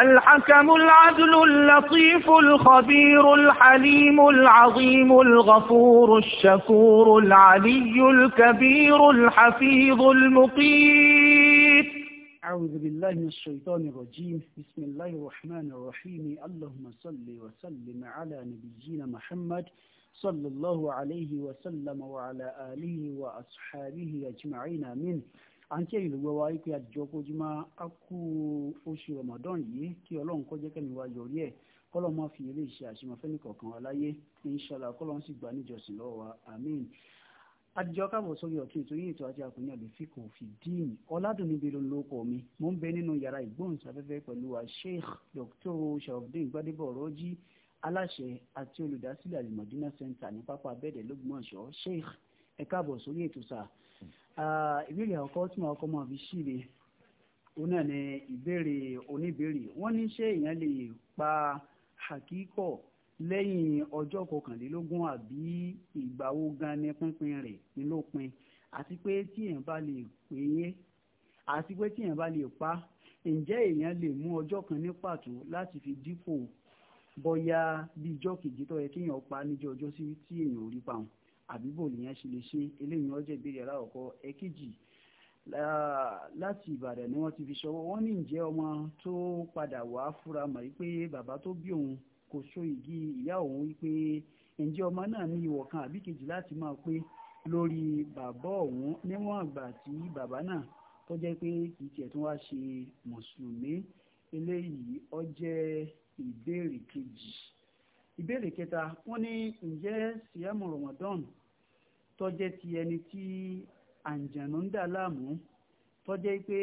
الحكم العدل اللطيف الخبير الحليم العظيم الغفور الشكور العلي الكبير الحفيظ المقيت أعوذ بالله من الشيطان الرجيم بسم الله الرحمن الرحيم اللهم صل وسلم على نبينا محمد صلى الله عليه وسلم وعلى آله وأصحابه أجمعين منه à ń kí ẹ̀yin ló gbọ́ wa wípé àjọ kojúmọ́ á kú oṣù Ramadan yìí kí Ọlọ́run kó jẹ́ kẹ́mi wa yọrí ẹ̀ kọ́lọ́n máa fi eré ìṣe àṣemọ́fẹ́ nìkọ̀ọ̀kan wa láyé inṣàlá kọ́lọ́n sì gbà níjọsìn lọ́wọ́ wa àmín àdìjọ káàbọ̀ sórí ọ̀tún ìtòyìn ètò àti àkùnrin àlèfi kò fi dín ọ̀làdùnníbi ló ń lo ọkọ̀ mi mò ń bẹ nínú yàrá ìgbóhùnsáfẹ́fẹ́ pẹ̀lú wa sheikh dr ìbéèrè àkọ́kọ́ tí wọn kọ́ mọ́ fi ṣíre òun náà ni ìbéèrè oníbéèrè wọ́n ní ṣé èèyàn lè pa àkíkọ̀ lẹ́yìn ọjọ́ kọkànlélógún àbí ìgbà wo gan ni pínpín rẹ̀ ni ló pin àti pé tí èèyàn bá lè pè é àti pé tí èèyàn bá lè pa ǹjẹ́ èèyàn lè mú ọjọ́ kan ní pàtó láti fi dípò bóyá bí ijọ́ kejì tó yẹ kéèyàn pa níjọ́ ọjọ́ sí tí èèyàn ò rí pa wọn àbíbò nìyẹn ṣe lè ṣe eléyìí ọjọ́ ìbéèrè aláwọ̀kọ́ ẹ̀kejì láti ìbàdàn ni wọ́n ti fi ṣọwọ́ wọ́n ní ǹjẹ́ ọmọ tó padà wá fúra mọ̀ wípé bàbá tó bí òun kò so igi ìyá òun wípé ǹjẹ́ ọmọ náà ní ìwọ̀ kan àbí kejì láti máa pé lórí bàbá òun níwọ̀n àgbà tí bàbá náà tó jẹ́ pé kì í tiẹ̀ tún wá ṣe mùsùlùmí eléyìí ó ìbéèrè kejì ìbéèrè kẹta wọ́n ní ǹjẹ́ síyàmù Ramadan tọ́jẹ́ ti ẹni tí àǹjànú ń dà láàmú tọ́jẹ́ pé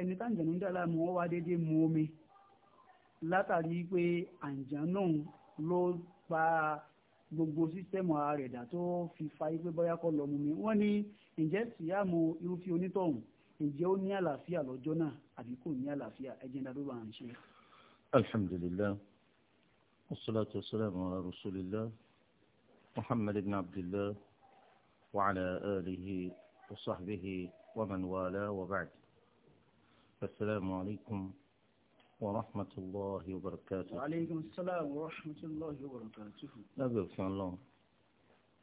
ẹni tí àǹjànú ń dà láàmú wọ́n wá déédéé mu omi látàrí pé àǹjànú ló pa gbogbo sísẹ́mù ara rẹ̀ dà tó fi fa ipé bóyá kọ́ lọ mu mi wọ́n ní ǹjẹ́ síyàmù irúfẹ́ onítọ̀hún ǹjẹ́ ó ní àlàáfíà lọ́jọ́ náà àbí kò ní àlàáfíà ẹ̀jẹ̀ ńlá ló bá ń ṣe. alhamdulillah wasalaatu wasalaamu ala rasulillah muhammad ibn abdillah. وعلى آله وصحبه ومن والاه وبعد السلام عليكم ورحمة الله وبركاته وعليكم السلام ورحمة الله وبركاته نبيل صلى الله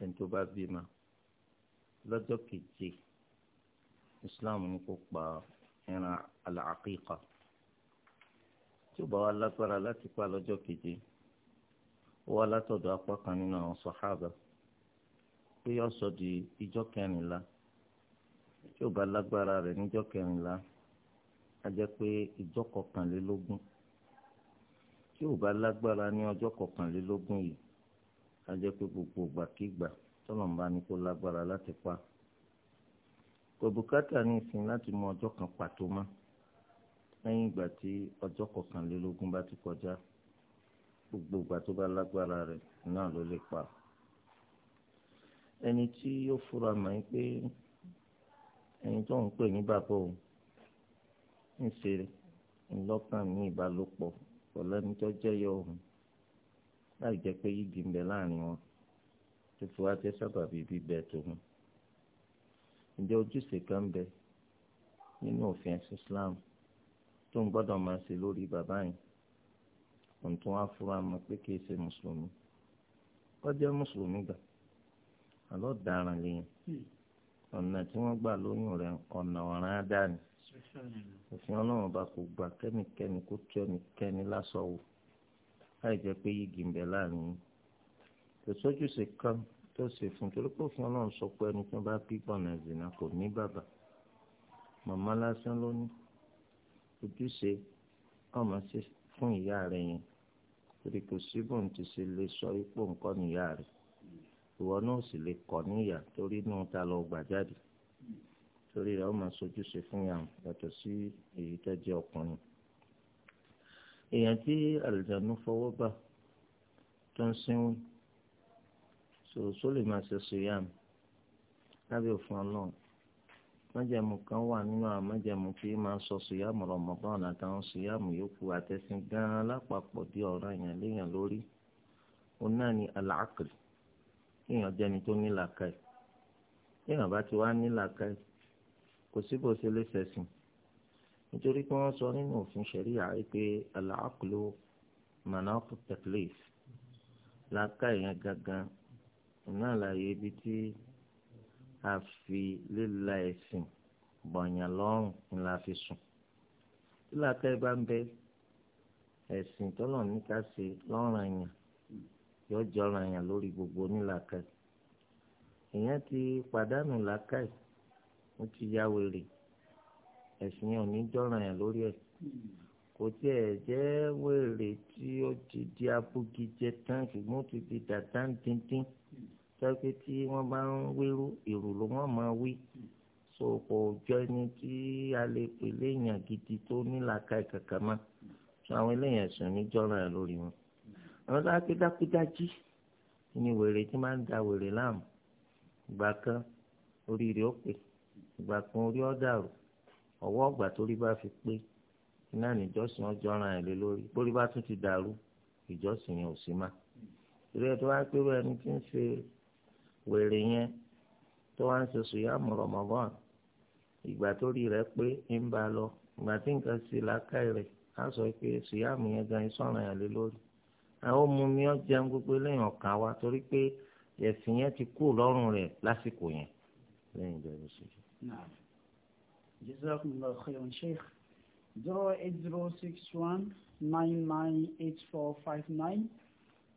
انتو باب بما لدك keje اسلام ní kó العقيقة تبا الله tí ó bá wà lágbára láti pa lọ́jọ́ keje pé ọ̀sọ̀ di ijọ́ kẹrìnlá tí ò bá lágbára rẹ̀ níjọ́ kẹrìnlá á jẹ́ pé ijọ́ kọkànlélógún tí ò bá lágbára ní ọjọ́ kọkànlélógún yìí á jẹ́ pé gbogbo ìgbàkígbà tọ́lọ̀mùbá ni kó lágbára láti pa kò bùkátà ní ìsìn láti mú ọjọ́ kan pàtó mọ́ lẹ́yìn ìgbà tí ọjọ́ kọkànlélógún bá ti kọjá gbogbo ìgbà tó bá lágbára rẹ̀ náà ló lè pa. ẹni tí yóò fura mọ̀ ẹ́ pé ẹni tó ń pè ní bàbá òun ń ṣe ńlọ́kàn ní ìbálòpọ̀ pẹ̀lú ẹni tó jẹ́yọ òun láì jẹ́ pé yígi ń bẹ láàrin wọn tó fi wá jẹ́ sábàbí bíbẹ tòun. ǹjẹ́ ojúṣe kan ń bẹ nínú òfin ẹ̀sìn Islam tó ń gbọ́dọ̀ máa ṣe lórí bàbá yìí òun tó wá fura mọ̀ pé kìí ṣe mùsùlùmí kó jẹ́ mùsùlùmí gan àlọ́ daran lẹ́yìn ọ̀nà tí wọ́n gbà lóyún rẹ̀ ọ̀nà ọ̀ràn àdáni òfin ọlọ́run bá kò gbà kẹ́nikẹ́ni kó tí ẹnikẹ́ni lásọ̀wò láì jẹ́ pé yìgì ń bẹ láàrin yín kò sójúṣe kan tó ṣe fún torí pé òfin ọlọ́run sọ pé ẹni tí wọ́n bá bí gbọ̀nà ìzìnà kò ní bàbá màmá lásán ló ní ojúṣe ọmọ sí fún ìyá rẹ̀ yẹn torí kò síbò ń ti ṣe lè sọ ipò nǹkan ìyá rẹ̀ ìwọ náà sì lè kọ níyà torí inú ta lọ gbà jáde torí rẹ ó máa sojúṣe fún ya yàtọ̀ sí èyí tó jẹ́ ọkùnrin. èèyàn tí àlùjánu fọwọ́ bà tó ń sínwín sòròsó lè máa ṣe sòyàmù lábẹ́ òfin ọlọ́run májàmú kan wà nínú àwọn májàmú tí máa sọ sòyàmù Ramadan àtàwọn sòyàmù yòókù àtẹ̀sìn gan-an lápapọ̀ di ọ̀ranyàn léèyàn lórí òun náà ni kéèyàn jẹ́ni tó ní làákàyè kéèyàn bá ti wá ní làákàyè kò sí bó ṣe lè ṣẹ̀sìn nítorí pé wọ́n sọ nínú òfin ṣẹ̀ríyà pé al-aqlu manāṭu at-taklīf làákàyè yẹn gangan náà láàyè ibi tí a fi líla ẹ̀sìn bọ̀nyàn lọ́rùn ńlá fi sùn tí làákàyè bá ń bẹ ẹ̀sìn tọ́lọ̀ níta ṣe lọ́rùn ẹ̀yàn yọ jọra yàn lórí gbogbo onílàákàyè èèyàn ti pàdánù làákàyè ó ti ya wèrè ẹ̀sìn yẹn ò ní jọra yàn lórí ẹ̀ kò tiẹ̀ jẹ́ wèrè tí ó ti di abúgijẹ tán ṣùgbọ́n ó ti di dàtà díndín tọ́pẹ́ tí wọ́n bá ń wérú èrò ló wọ́n máa wí so kò jọ ẹni tí a lè pè léèyàn gidi tó ní kankan mọ́ so àwọn eléyàn ẹ̀sìn ò ní jọra yàn lórí wọn àwọn tó akédákúdájí ni wèrè tí máa ń da wèrè láàmú ìgbà kan orí rẹ̀ ó pé ìgbà kan orí ó dàrú ọwọ́ ọ̀gbà torí bá fi pé iná níjọ́sìn ọjọ́ ran ẹ̀ lé lórí bórí bá tún ti dàrú ìjọ́sìn yẹn ò sí má ìrẹ́ tó wá pé ẹni tí ń ṣe wèrè yẹn tó wá ń ṣe sùyàmù Ramadan ìgbà torí rẹ̀ pé ń bá lọ ìgbà tí nǹkan ṣe làákàyè rẹ̀ á sọ pé sùyàmù yẹn gan iṣọ́ ran ẹ̀ lé lórí àwọn ọmọ mi ọ jẹun gbogbo eléyàn kan wa torí pé ẹ̀sìn yẹn ti kú lọ́rùn rẹ̀ lásìkò yẹn lẹ́yìn ìbẹ̀rù sí i. jazakumullahu khairan sheikh zero eight zero six one nine nine eight four five nine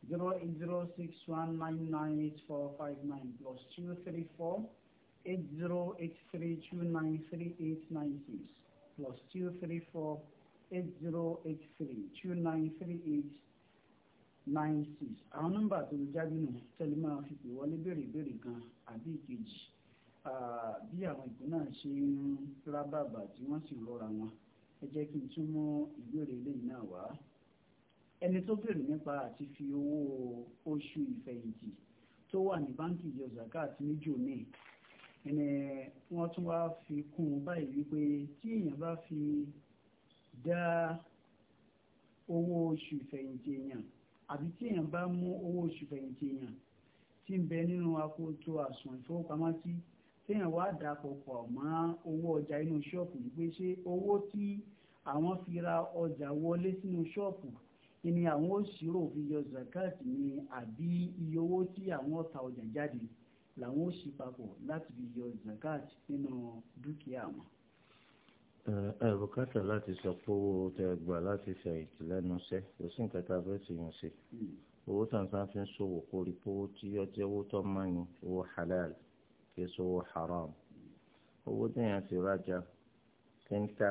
zero eight zero six one nine nine eight four five nine plus two three four eight zero eight three two nine three eight nine six plus two three four eight zero eight three two nine three eight nine six àwọn nọ́mbà tó lè jáde nù tẹ́lẹ̀ máa fi pè wọlé béèrè ìbéèrè kan àbí ìkejì bí àwọn ìpín náà ṣe ń rábàbà tí wọ́n sì rọra wọn ẹ jẹ́ kí n tún mú ìbéèrè eléyìí náà wá ẹni tó béèrè nípa àti fi owó oṣù ìfẹ̀yìntì tó wà ní báńkì yọ zakat níjò ní ẹni wọ́n tún wá fi kún un báyìí wípé tí èèyàn bá fi dá owó oṣù ìfẹ̀yìntì èèyàn àbí tí èèyàn bá mú owó oṣù fẹ̀yìntì èèyàn tí ń bẹ nínú akoto àsùnwọ̀n ìfowópamọ́sí téèyàn wá dàpọ̀ pọ̀ mọ́ owó ọjà inú ṣọ́ọ̀pù yìí pé ṣé owó tí àwọn fi ra ọjà wọlé sínú ṣọ́ọ̀pù ni àwọn ó ṣírò fi yọ zakat ni àbí iye owó tí àwọn ta ọjà jáde làwọn ó papọ̀ láti fi yọ zakat nínú dúkìá wọn ẹ bùkátà láti sọ pé owó tẹ gbà láti ṣe àìtì lẹ́nu iṣẹ́ kò sí nǹkan tá a fẹ́ sì yàn ṣe owó tàǹtà fi ń ṣòwò kó rí pé owó tí ọjọ́ owó tó máa ń owó halal kì í ṣòwò haram owó téèyàn ti rájà kẹ́ńtà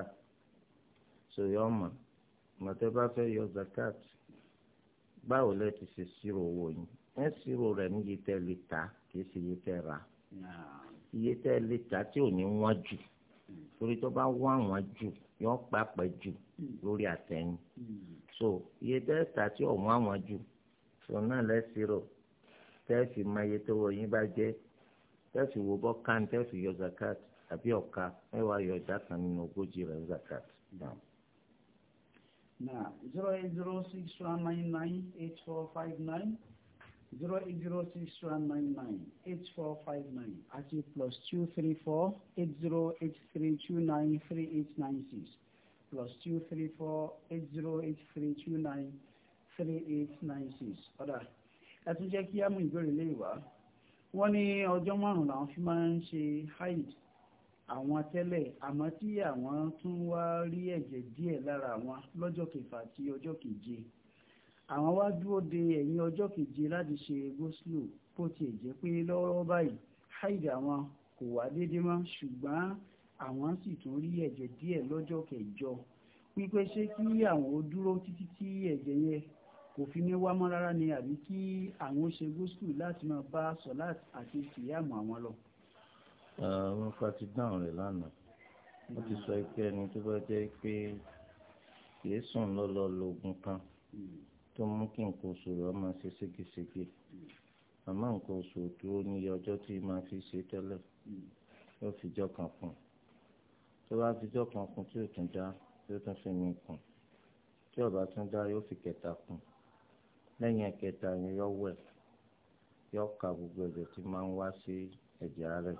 ṣòyọ́mà mọ̀tẹ́ bá fẹ́ yọ zakat báwo lẹ́ ti ṣe ṣírò owó yín ẹ ṣírò rẹ̀ ní iye tẹ́ lè ta kì í ṣe iye tẹ́ ra iye tẹ́ lè ta tí ò ní wọ́n jù torí tó bá wá àwọn jù yóò pàápàá jù lórí àtẹ̀yìn so iye dẹ́ta tí ọ̀wọ́n àwọn jù so náà lẹ́sìrò tẹ́ẹ̀fì mọ iye tó wọ yín bá jẹ́ tẹ́ẹ̀fì wo bọ́ kan tẹ́ẹ̀fì yọ zakat àbí ọ̀ka mẹ́wàá yọ ọ̀dà kan nínú ogójì rẹ̀ zakat. na zero eight zero six one nine nine eight four five nine zero eight zero six one nine nine eight four five nine àti plus two three four eight zero eight three two nine three eight nine six plus two three four eight zero eight three two nine three eight nine six ọ̀dà ẹ tún jẹ́ kí á mú ìbéèrè lè wá wọ́n ní ọjọ́ márùn-ún làwọn fi máa ń ṣe hide àwọn tẹ́lẹ̀ àmọ́ tí àwọn tún wá rí ẹ̀jẹ̀ díẹ̀ lára àwọn lọ́jọ́ kẹfà àti ọjọ́ keje àwọn wá dúró de ẹ̀yìn ọjọ́ keje láti ṣe goslo bó tiẹ̀ jẹ́ pé lọ́wọ́ báyìí haid àwọn kò wá déédéé mọ́ ṣùgbọ́n àwọn sì tún rí ẹ̀jẹ̀ díẹ̀ lọ́jọ́ kẹjọ wípé ṣé kí àwọn ó dúró títí tí ẹ̀jẹ̀ yẹn kò fi ní wá mọ́ rárá ni àbí kí àwọn ṣe goslo láti máa bá sọ̀láàt àti síyàmù àwọn lọ. àwọn fati dáhùn rẹ̀ lánàá wọ́n ti sọ pé ẹni tó bá jẹ́ pé kì í sùn lọ́lọ́ lóògùn kan. Hmm tó mú kí nǹkan oṣù rẹ̀ máa ṣe ségesège àmọ́ nǹkan oṣù dúró níye ọjọ́ tí máa fi ṣe tẹ́lẹ̀ yóò fìjọ́ kan kún tó bá fìjọ́ kan kún tí yóò tún dá yóò tún fi mí kún tí ó bá tún dá yóò fi kẹta kún lẹ́yìn ẹ̀kẹta yẹn yọ wẹ̀ yọ ka gbogbo ẹ̀jẹ̀ tí máa ń wá sí ẹ̀jẹ̀ rẹ̀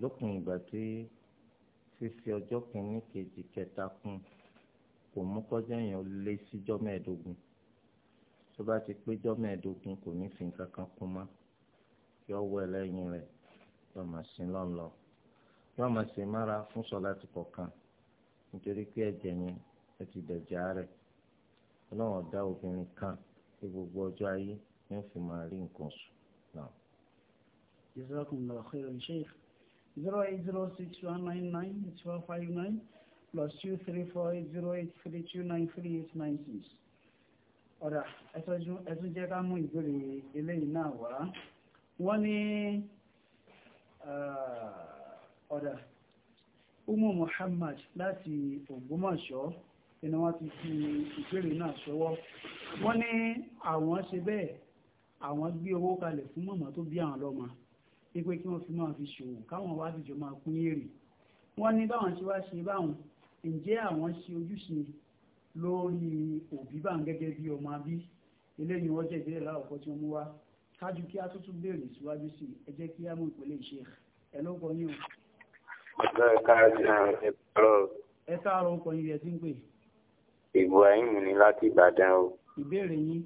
lópin ìgbà tí fífi ọjọ́ kìíní kejì kẹta kún kò mú kọjá yẹn lé síjọ́ mẹ́ẹ̀ẹ́dógún tó bá ti péjọ mẹ́ẹ̀ẹ́dógún kò ní fi nǹkan kan kún mọ́ yọ wọ ẹlẹ́yìn rẹ̀ yọ máa sin lọ́nlọ́ yọ máa sin mára fún sọ̀láàtì kọ̀ọ̀kan nítorí pé ẹ̀jẹ̀ yẹn ẹ ti dẹ̀jà rẹ̀ ọlọ́run ọ̀dá obìnrin kan ní gbogbo ọjọ́ ayé ni ó fi máa rí nǹkan sùn náà. jazakumullahu khairan sheikh zero eight zero six one nine nine two five nine plus two three four eight zero eight three two nine three eight nine six ọ̀dà ẹ̀tún jẹ́ ká mú ìbéèrè eléyìí náà wá wọ́n ní ọ̀dà umu muhammad láti ògbómọ̀ṣọ́ ẹni wọ́n ti fi ìbéèrè náà ṣọwọ́ wọ́n ní àwọn ṣe bẹ́ẹ̀ àwọn gbé owó kalẹ̀ fún mọ̀mọ́ tó bí àwọn lọ́mọ pípé kí wọ́n fi máa fi ṣòwò káwọn wá fìjọ máa pín èrè wọ́n ní báwọn ṣe wá ṣe báwọn ǹjẹ́ àwọn ṣe ojúṣe lórí òbí bá ń gẹ́gẹ́ bí ọmọ abí eléyìí wọ́n jẹ́ ìbéèrè láwùjọ tí wọ́n mú wá kájú kí a tuntun béèrè síwájú sí ẹ jẹ́ kí á mú ìpínlẹ̀ ìṣe ẹ ló yín o. ọ̀dọ́ ẹ̀ka ẹ̀rọ. ẹ káàárọ̀ ọkọ̀ yín rẹ̀ ti ń pè. Ibrahim ni láti Ìbàdàn o. ìbéèrè yín.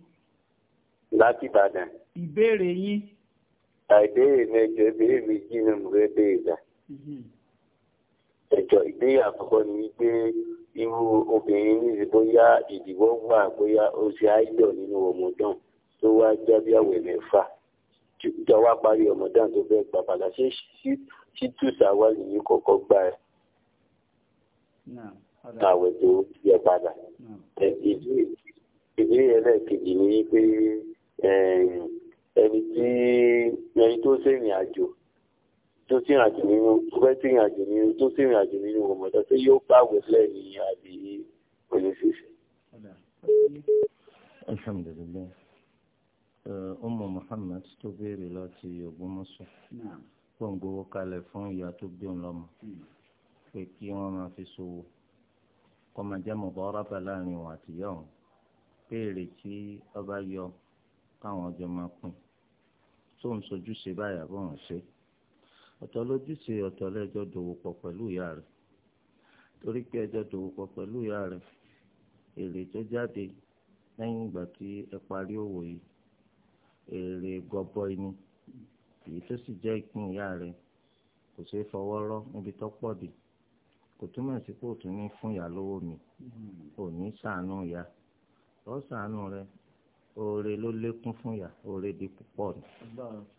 láti Ìbàdàn. ìbéèrè yín. àìbéèrè mẹ́jọ ìbéèrè méjì ni mo fẹ́ béèrè gbà. Mhm. ẹ̀jọ̀ ìbéèrè àkọ́kọ́ ni wípé irú obìnrin níbi bóyá ìdìbò gbà bóyá ó ṣe áyọ nínú ọmọdán tó wá jábí àwẹ̀ mẹ́fà jọ wá parí ọmọdán tó fẹ́ gbà padà ṣé ṣítùsà wà nìyí kọ́kọ́ gbà ẹ̀ àwẹ̀ tó yẹ padà ìbéèrè ẹlẹ́ẹ̀kejì ni pé ẹni tí ẹni tó ṣèrìn àjò tó sì rìn àjò nínú tó fẹ́ sì rìn àjò nínú tó sì rìn àjò nínú rọmọdán tó yóò bá wẹ̀ lẹ́yìn àbí olè ṣíṣe. alhamdulilayi ọmọ muhammed tó béèrè láti Ògbómọ̀ṣọ́ gbọǹgbọwọ kalẹ̀ fún ìyá tó bí òun lọ́mọ hmm. pé kí wọ́n máa fi ṣòwò kọ́mọ jẹ́ mọ̀bọ́rábà láàrin òun àti ìyá òun béèrè tí ọba yọ káwọn ọjọ́ máa pín tóun sojúṣe báyà bọ́ọ̀n ṣe ọ̀tọ̀ lójúṣe ọ̀tọ̀ lẹ́jọ́ dòwò pọ̀ pẹ̀lú ìyá rẹ̀ torí pé ẹjọ́ dòwò pọ̀ pẹ̀lú ìyá rẹ̀ èrè tó jáde lẹ́yìn ìgbà tí ẹ parí òwò yìí èrè gọbọi ni èyí tó sì jẹ́ ìpín ìyá rẹ̀ kò ṣeé fọwọ́ rọ́ níbi tó pọ̀ dì kò túmọ̀ sí pé òtún ní fún ìyá lówó mi hmm. ò ṣàánú ìyá lọ́ọ́ ṣàánú rẹ̀ oore ló lékún fún yà oore di púpọ̀ ni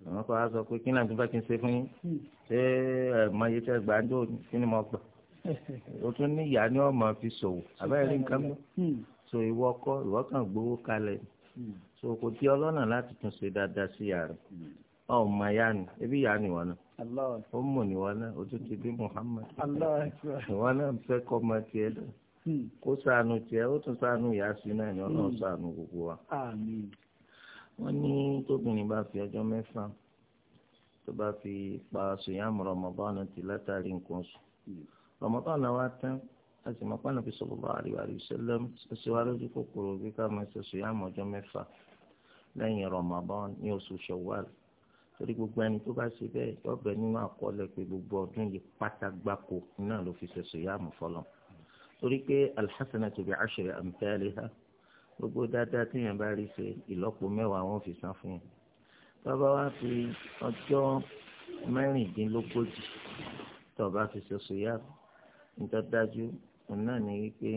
àwọn kan á sọ pé kí náà tó bá ti ṣe fún yín hmm. ṣé ẹ mọ iye tẹ gbà ń dò kí ni mo gbà o tún ní ìyá ni ọmọ fi ṣòwò àbẹ́rẹ́ rí nǹkan mọ́ hmm. so ìwọ kọ ìwọ kàn gbowó kalẹ̀ hmm. so kò tí ọlọ́nà láti tún ṣe dáadáa sí yà rẹ̀ ọmọ ya ni ebi ya ni wọn náà ó mọ̀ wọn náà ó tún ti bí Muhammad wọn náà fẹ́ kọ́ ọmọ tiẹ̀ náà. Hmm. kó sànù tiẹ̀ ó tún sànù ìyá sí náà ni ọlọ́run sànù hmm. gbogbo wa. wọ́n ní tóbìnrin bá fi ọjọ́ mẹ́fà tó bá fi pa sèyàn rọmọbọ́nà ti látàrí nǹkan sùn hmm. rọmọbọ́nà wa tán láti mọ̀ pàánù fi sọ̀rọ̀ bá àríwá rí sẹ́lẹ̀ ṣẹṣẹ́ wa lójú kòkòrò bí ká máa ṣe sèyàn ọjọ́ mẹ́fà lẹ́yìn rọmọbọ́n ní oṣù ṣọ̀wáàl torí gbogbo ẹni tó bá ṣe bẹ́ẹ̀ yọ̀bẹ nínú àkọọ́lẹ̀ pé gbogbo ọdún yìí pátá gbáko náà ló fi ṣe sèyàn fọlọ́n torí pé alhassanatu bi ashri amthaliha gbogbo dáadáa tí yẹn bá rí ṣe ìlọ́po mẹ́wàá wọn fi san fún un tọ́ba wá fi ọjọ́ mẹ́rìndínlógójì tọ́ba fi ṣoṣo yá nítorí dájú òun náà ní wípé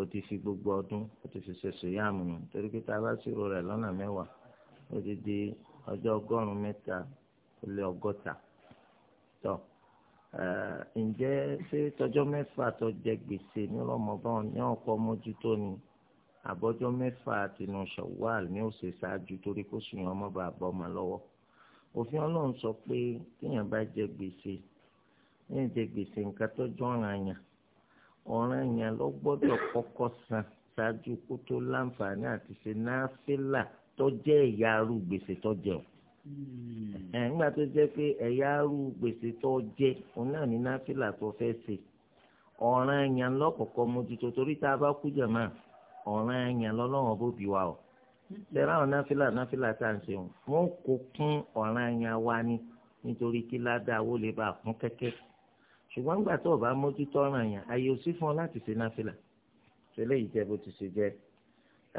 o ti fi gbogbo ọdún o ti fi ṣoṣo yá mu nù torí pé tá bá ṣírò rẹ̀ lọ́nà mẹ́wàá o ti di ọjọ́ ọgọ́rùn-ún mẹ́ta ó lé ọgọ́ta tọ́. So, Eh, ǹjẹ́ ṣé tọjọ́ mẹ́fà tó jẹ gbèsè ní ọlọ́mọba ní ọ̀pọ̀ mójútó ni àbọ̀jọ́ mẹ́fà tinú ṣọ̀wáàlì ní òsè ṣáájú torí kó sùn ọmọ bá bọ́ ọmọ lọ́wọ́ òfin ọlọ́run sọ pé téèyàn bá jẹ gbèsè ní jẹ gbèsè nǹkan tó jọ ọ̀ràn yàn ọ̀ràn yàn ló gbọ́dọ̀ kọ́kọ́ san ṣáájú kó tó láǹfààní àti ṣe náà fílà tó jẹ́ ìyá arú gbèsè tó jẹun ẹ̀ ńgbà tó jẹ́ pé ẹ̀yà arú gbèsè tó jẹ òun náà ní náfìlà tó fẹ́ ṣe ọ̀ràn ẹ̀yàn lọ́kọ̀ọ̀kan mójútó torí tá a bá kú jàmá ọ̀ràn ẹ̀yàn lọ́lọ́wọ́n bó bí wa o lẹ́rọ àwọn náfìlà náfìlà tá à ń ṣe wọn kò kún ọ̀ràn ẹ̀yàn wa ni nítorí kí ládàá owó lè bá a kún kẹ́kẹ́ ṣùgbọ́n ńgbà tó o bá mójútó ọ̀ràn ẹ̀yàn ayé ò sí fún ọ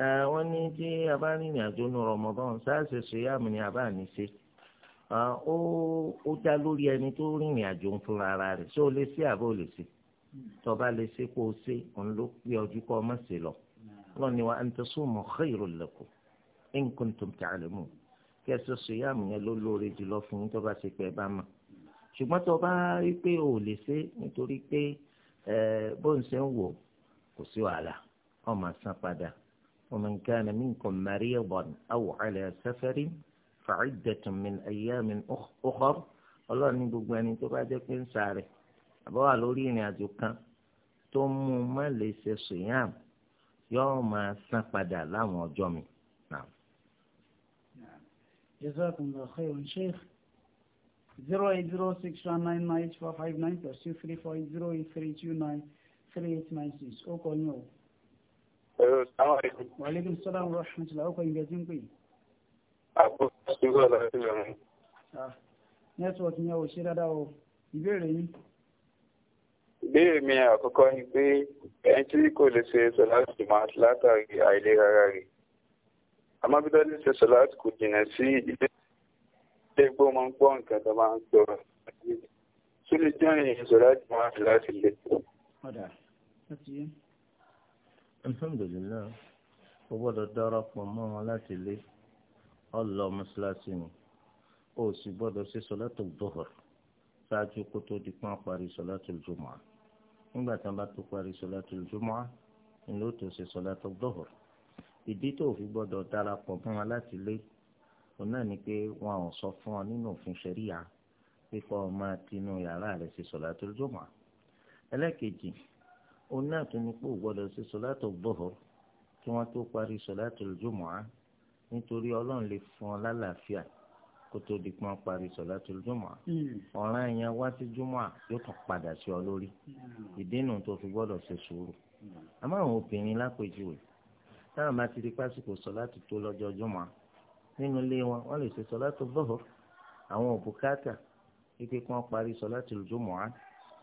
Eh, wọ́n ní tí a bá rìn ìrìn àjò nu Ramadan sáàsì sèyàmù ni a bá ní ṣe ó dá lórí ẹni tó rìn ìrìn àjò ń fúnra ara rẹ̀ ṣé o lè ṣe àbí o lè ṣe tọba lè ṣe kó o ṣe òun ló pé ọjọ́ kọ́ ọmọ ṣe lọ lọ́ni wa an tasumu khairul lakum in kuntum ta'lamun kí ẹ sọ sèyàmù yẹn ló lóore jùlọ fún yín tọba ṣe pé bá mọ̀ ṣùgbọ́n tọba rí pé o lè ṣe nítorí pé eh, bó ń ṣe ń wò kò sí wàhálà ọmọ san padà ومن كان منكم مريضا أو على سفر فعدة من أيام أخر الله أن يبقاني تبعد كن ساري أبو ألوريني أزوكا ثم ما ليس صيام يوم سفادة لام وجومي نعم جزاكم الله خير شيخ 08069994593408032938969 او كونيو Wa alaikum salam wa rahmatullahi ọkọ̀ ìgbẹ̀ tí ń pè. Àpò ìgbẹ̀ ọ̀la ti rẹ̀ mú. Nẹ́tíwọ̀kì yẹn ò ṣe dáadáa o, ìbéèrè yín. Ìbéèrè mi àkọ́kọ́ ni pé ẹni tí kò lè ṣe sọ̀láàtì máa látàrí àìlera rẹ̀. Àmọ́ bí dọ́lé ṣe sọ̀láàtì kò jìnà sí ilé ilé gbọ́ máa ń gbọ́ nǹkan tó máa ń gbọ́. Súlẹ̀ jẹ́ ìrìn sọ̀láàtì máa láti lè. Ọ̀dà, ó ti alhamdulilayi o gbọ́dọ̀ darapọ̀ mọ́ wọn láti lé ọlọ mọ́ṣáláṣí ni o sì gbọ́dọ̀ ṣe sọlátù dọhọr ṣáájú kó tó di pọn parí sọlátù jùmọ nígbà tí wọn bá tó parí sọlátù jùmọ ni ló tó ṣe sọlátù dọhọr ìdí tó fi gbọ́dọ̀ darapọ̀ mọ́ wọn láti lé òun náà ni pé wọn ò sọ fún ọ nínú òfin ṣẹríya pípa ọmọ tinú yàrá rẹ̀ ṣe sọlátù jùmọ ẹlẹ́kejì òun náà tún ní pé ò gbọ́dọ̀ ṣe sọ̀látò bọ̀họ̀ kí wọ́n tó parí sọ̀látò jùmọ̀á nítorí ọlọ́run lè fún ọ lálàáfíà kó tó di pé wọ́n parí sọ̀látò jùmọ̀á ọ̀ràn yẹn wá sí jùmọ̀á yóò tún padà sí ọ lórí ìdínà tó fi gbọ́dọ̀ ṣe sùúrù àmọ́ àwọn obìnrin lápèjúwe táwọn bá ti di pásítọ̀ sọ̀látò tó lọ́jọ́ jùmọ̀á nínú ilé wọn wọ́n lè ṣe sọ̀látò bọ̀họ̀ àwọn òbúkátà kíkẹ́ kí wọ́n parí sọ̀látò jùmọ̀á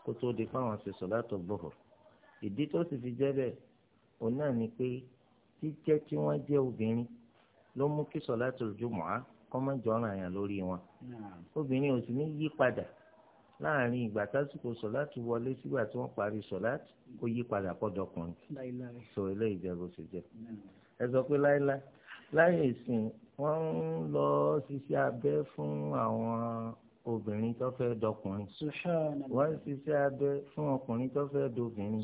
kó tó di pé àwọn ṣe sọ̀látò bọ̀họ̀ ìdí tó sì fi jẹ́ bẹ́ẹ̀ òun náà ni pé jíjẹ́ tí wọ́n jẹ́ obìnrin ló mú kí sọ̀látùl jumu'ah kọ́ má jọ̀ràn àyàn lórí wọn. obìnrin ò sì ní yí padà láàrin ìgbà tásìkò sọ̀látù wọlé sígbà tí wọ́n parí sọ̀látù kó yí padà kọ́dọ̀kùnrin. sọ eléyìí jẹ́ bó ṣe jẹ́. ẹ sọ pé láéláé láyé ìsìn wọ́n ń lọ ṣiṣẹ́ abẹ fún àwọn obìnrin tó fẹ́ dọkùnrin wọ́n ṣiṣẹ́ abẹ fún ọkùnrin tó fẹ́ dobìnrin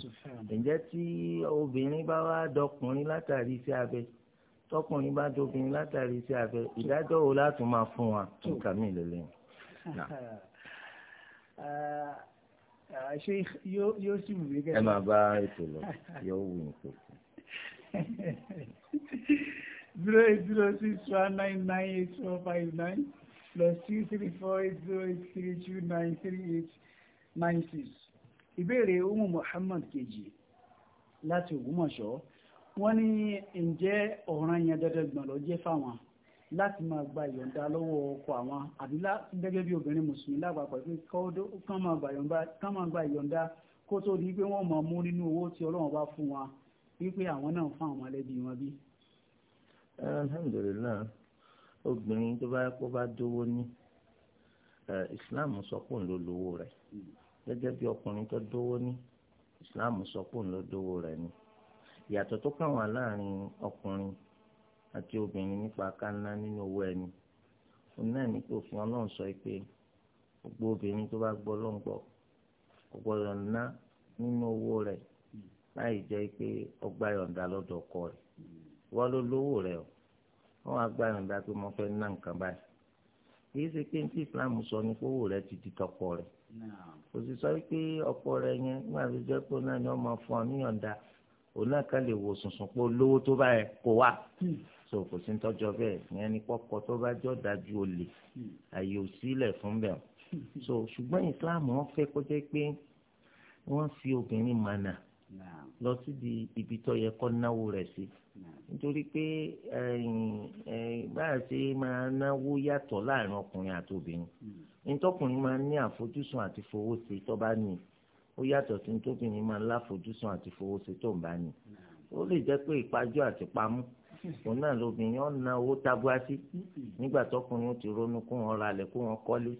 ǹjẹ́ tí obìnrin bá wá dọkùnrin látàrí iṣẹ́ abẹ tọkùnrin bá dobìnrin látàrí iṣẹ́ abẹ ìdájọ́ wo láti máa fún wa nǹkan mi lélẹ̀. ṣé ah, yóò sì wù mí kẹ́kẹ́. ẹ máa bá ètò lọ yóò wù mí pé. zero eight zero six one nine nine eight four five nine plus two three four eight zero eight three two nine three eight nine six ìbéèrè umu muhammad kejì láti ògbómọ̀ṣọ́ wọ́n ní ǹjẹ́ ọ̀ràn yẹn dandan gbọ̀n ló jẹ́ fáwọn láti máa gba ìyọ̀ǹda lọ́wọ́ ọkọ àwọn àbí gẹ́gẹ́ bí obìnrin mùsùlùmí lápapọ̀ pé kán máa gba ìyọ̀ǹda kó tó di pé wọ́n máa mú nínú owó tí ọlọ́run bá fún wa wípé àwọn náà fún àwọn ẹlẹ́bí wọn bí. alhamdulilayi obìnrin tó bá kó bá dówó ní Islam sọ pé òun ló lówó rẹ̀ gẹ́gẹ́ bí ọkùnrin tó dówó ní Islam sọ pé òun ló dówó rẹ̀ ni ìyàtọ̀ tó kàn wá láàrin ọkùnrin àti obìnrin nípa kánná nínú owó ẹni òun náà ní pé òfin ọlọ́run sọ pé gbogbo obìnrin tó bá gbọ́ ló ń gbọ́ kò ná nínú owó rẹ̀ láì jẹ́ pé ọgbà yọ̀ǹda lọ́dọ̀ ọkọ rẹ̀ wọ́n ló lówó rẹ̀ o wọ́n wá gba ìrìnàdá pé mo fẹ́ ná nǹkan báyìí kì í ṣe pé ní Islam sọ ní kówó rẹ ti di tọkọ rẹ kò sì sọ pé ọkọ rẹ yẹn nígbà tó jẹ́ pé náà ni wọ́n máa fún ọ níyọ̀ǹda òun náà kàn lè wò sùnsùn pé olówó tó bá yẹ kó wá so kò sí tọ́jọ́ bẹ́ẹ̀ ìyẹn ni pọ́kọ tó bá jọ dájú olè àyè ò fún bẹ́ẹ̀ so ṣùgbọ́n Islam wọ́n fẹ́ kó jẹ́ pé wọ́n fi obìnrin mànà lọ sí di ibi tó yẹ kó náwó rẹ̀ sí nítorí pé báyà ṣe máa náwó yàtọ̀ láàrin ọkùnrin àti obìnrin hmm. nítọ́kùnrin máa ní àfojúsùn àti fowó ṣe tó bá ní ó yàtọ̀ sí nítòbìnrin máa láfojúsùn àti fowó ṣe tó ń bá ní ó lè jẹ́ pé ìpájọ́ àti pamọ́ òun náà lóbìnrin ọ̀ na owó tabua sí nígbà tọkùnrin ó ti ronú kó wọn ra lẹ̀ kó wọn kọ́lé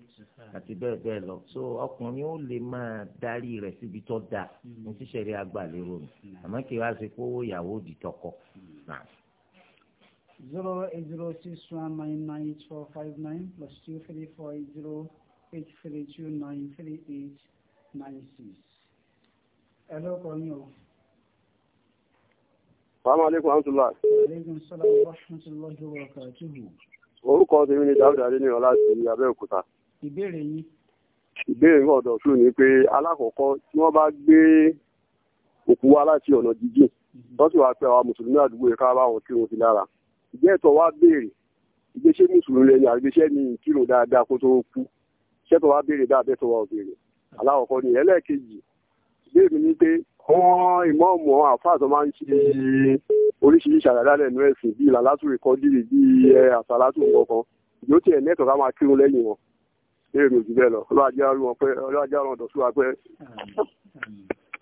àti bẹ́ẹ̀ bẹ́ẹ̀ lọ so ọkùnrin ó lè máa darí rẹ̀ síbi tó dáa ní tíṣẹ̀rí agbàlérò mi àmọ́ kí wàá ṣe kówó ìyàwó òdì tọkọ zero eight zero six one nine nine four five nine plus two three four eight zero eight three two nine three eight nine six. ẹ lọ́kọ̀ọ́ yín o. Assalamu alaikum Hamdulillah. Orúkọ tèmi ni Dáúdà Adéníyàn láti Abẹ́òkúta. Ìbéèrè yìí. Ìbéèrè yìí ọ̀dọ̀ sùn ni pé alákọ̀ọ́kọ́ tí wọ́n bá gbé òkú wa láti ọ̀nà jíjìn mhm. wọ́n sì wá pé àwa mùsùlùmí àdúgbò yìí ká bá wọn kírun sí lára. Ìjẹ́ ìtọ̀ wa béèrè ìgbésẹ̀ mùsùlùmí lẹ́yìn àgbésẹ̀ ní kírun dáadáa kó tó kú. Ìṣẹ́tọ̀ wa béèrè dáadáa bẹ́ẹ̀ tó wa ò béèrè. Mhm. Alákọ̀ọ́kọ́ ni ẹlẹ́ẹ̀kejì béèrè ni pé àwọn ìmọ̀ọ́mọ̀ àfáà máa ń ṣe oríṣiríṣi àdàdà lẹ́nu ẹ̀sìn bíi làlátù ìkọ́dìrì bíi àsàlátù nǹkan yóò tiẹ̀ nẹ́ẹ̀tọ́ ká máa kírun lẹ́yìn wọn léèrè òjì bẹ́ẹ̀ lọ ọlọ́àjá ọlọ́run pẹ́ wa pẹ́.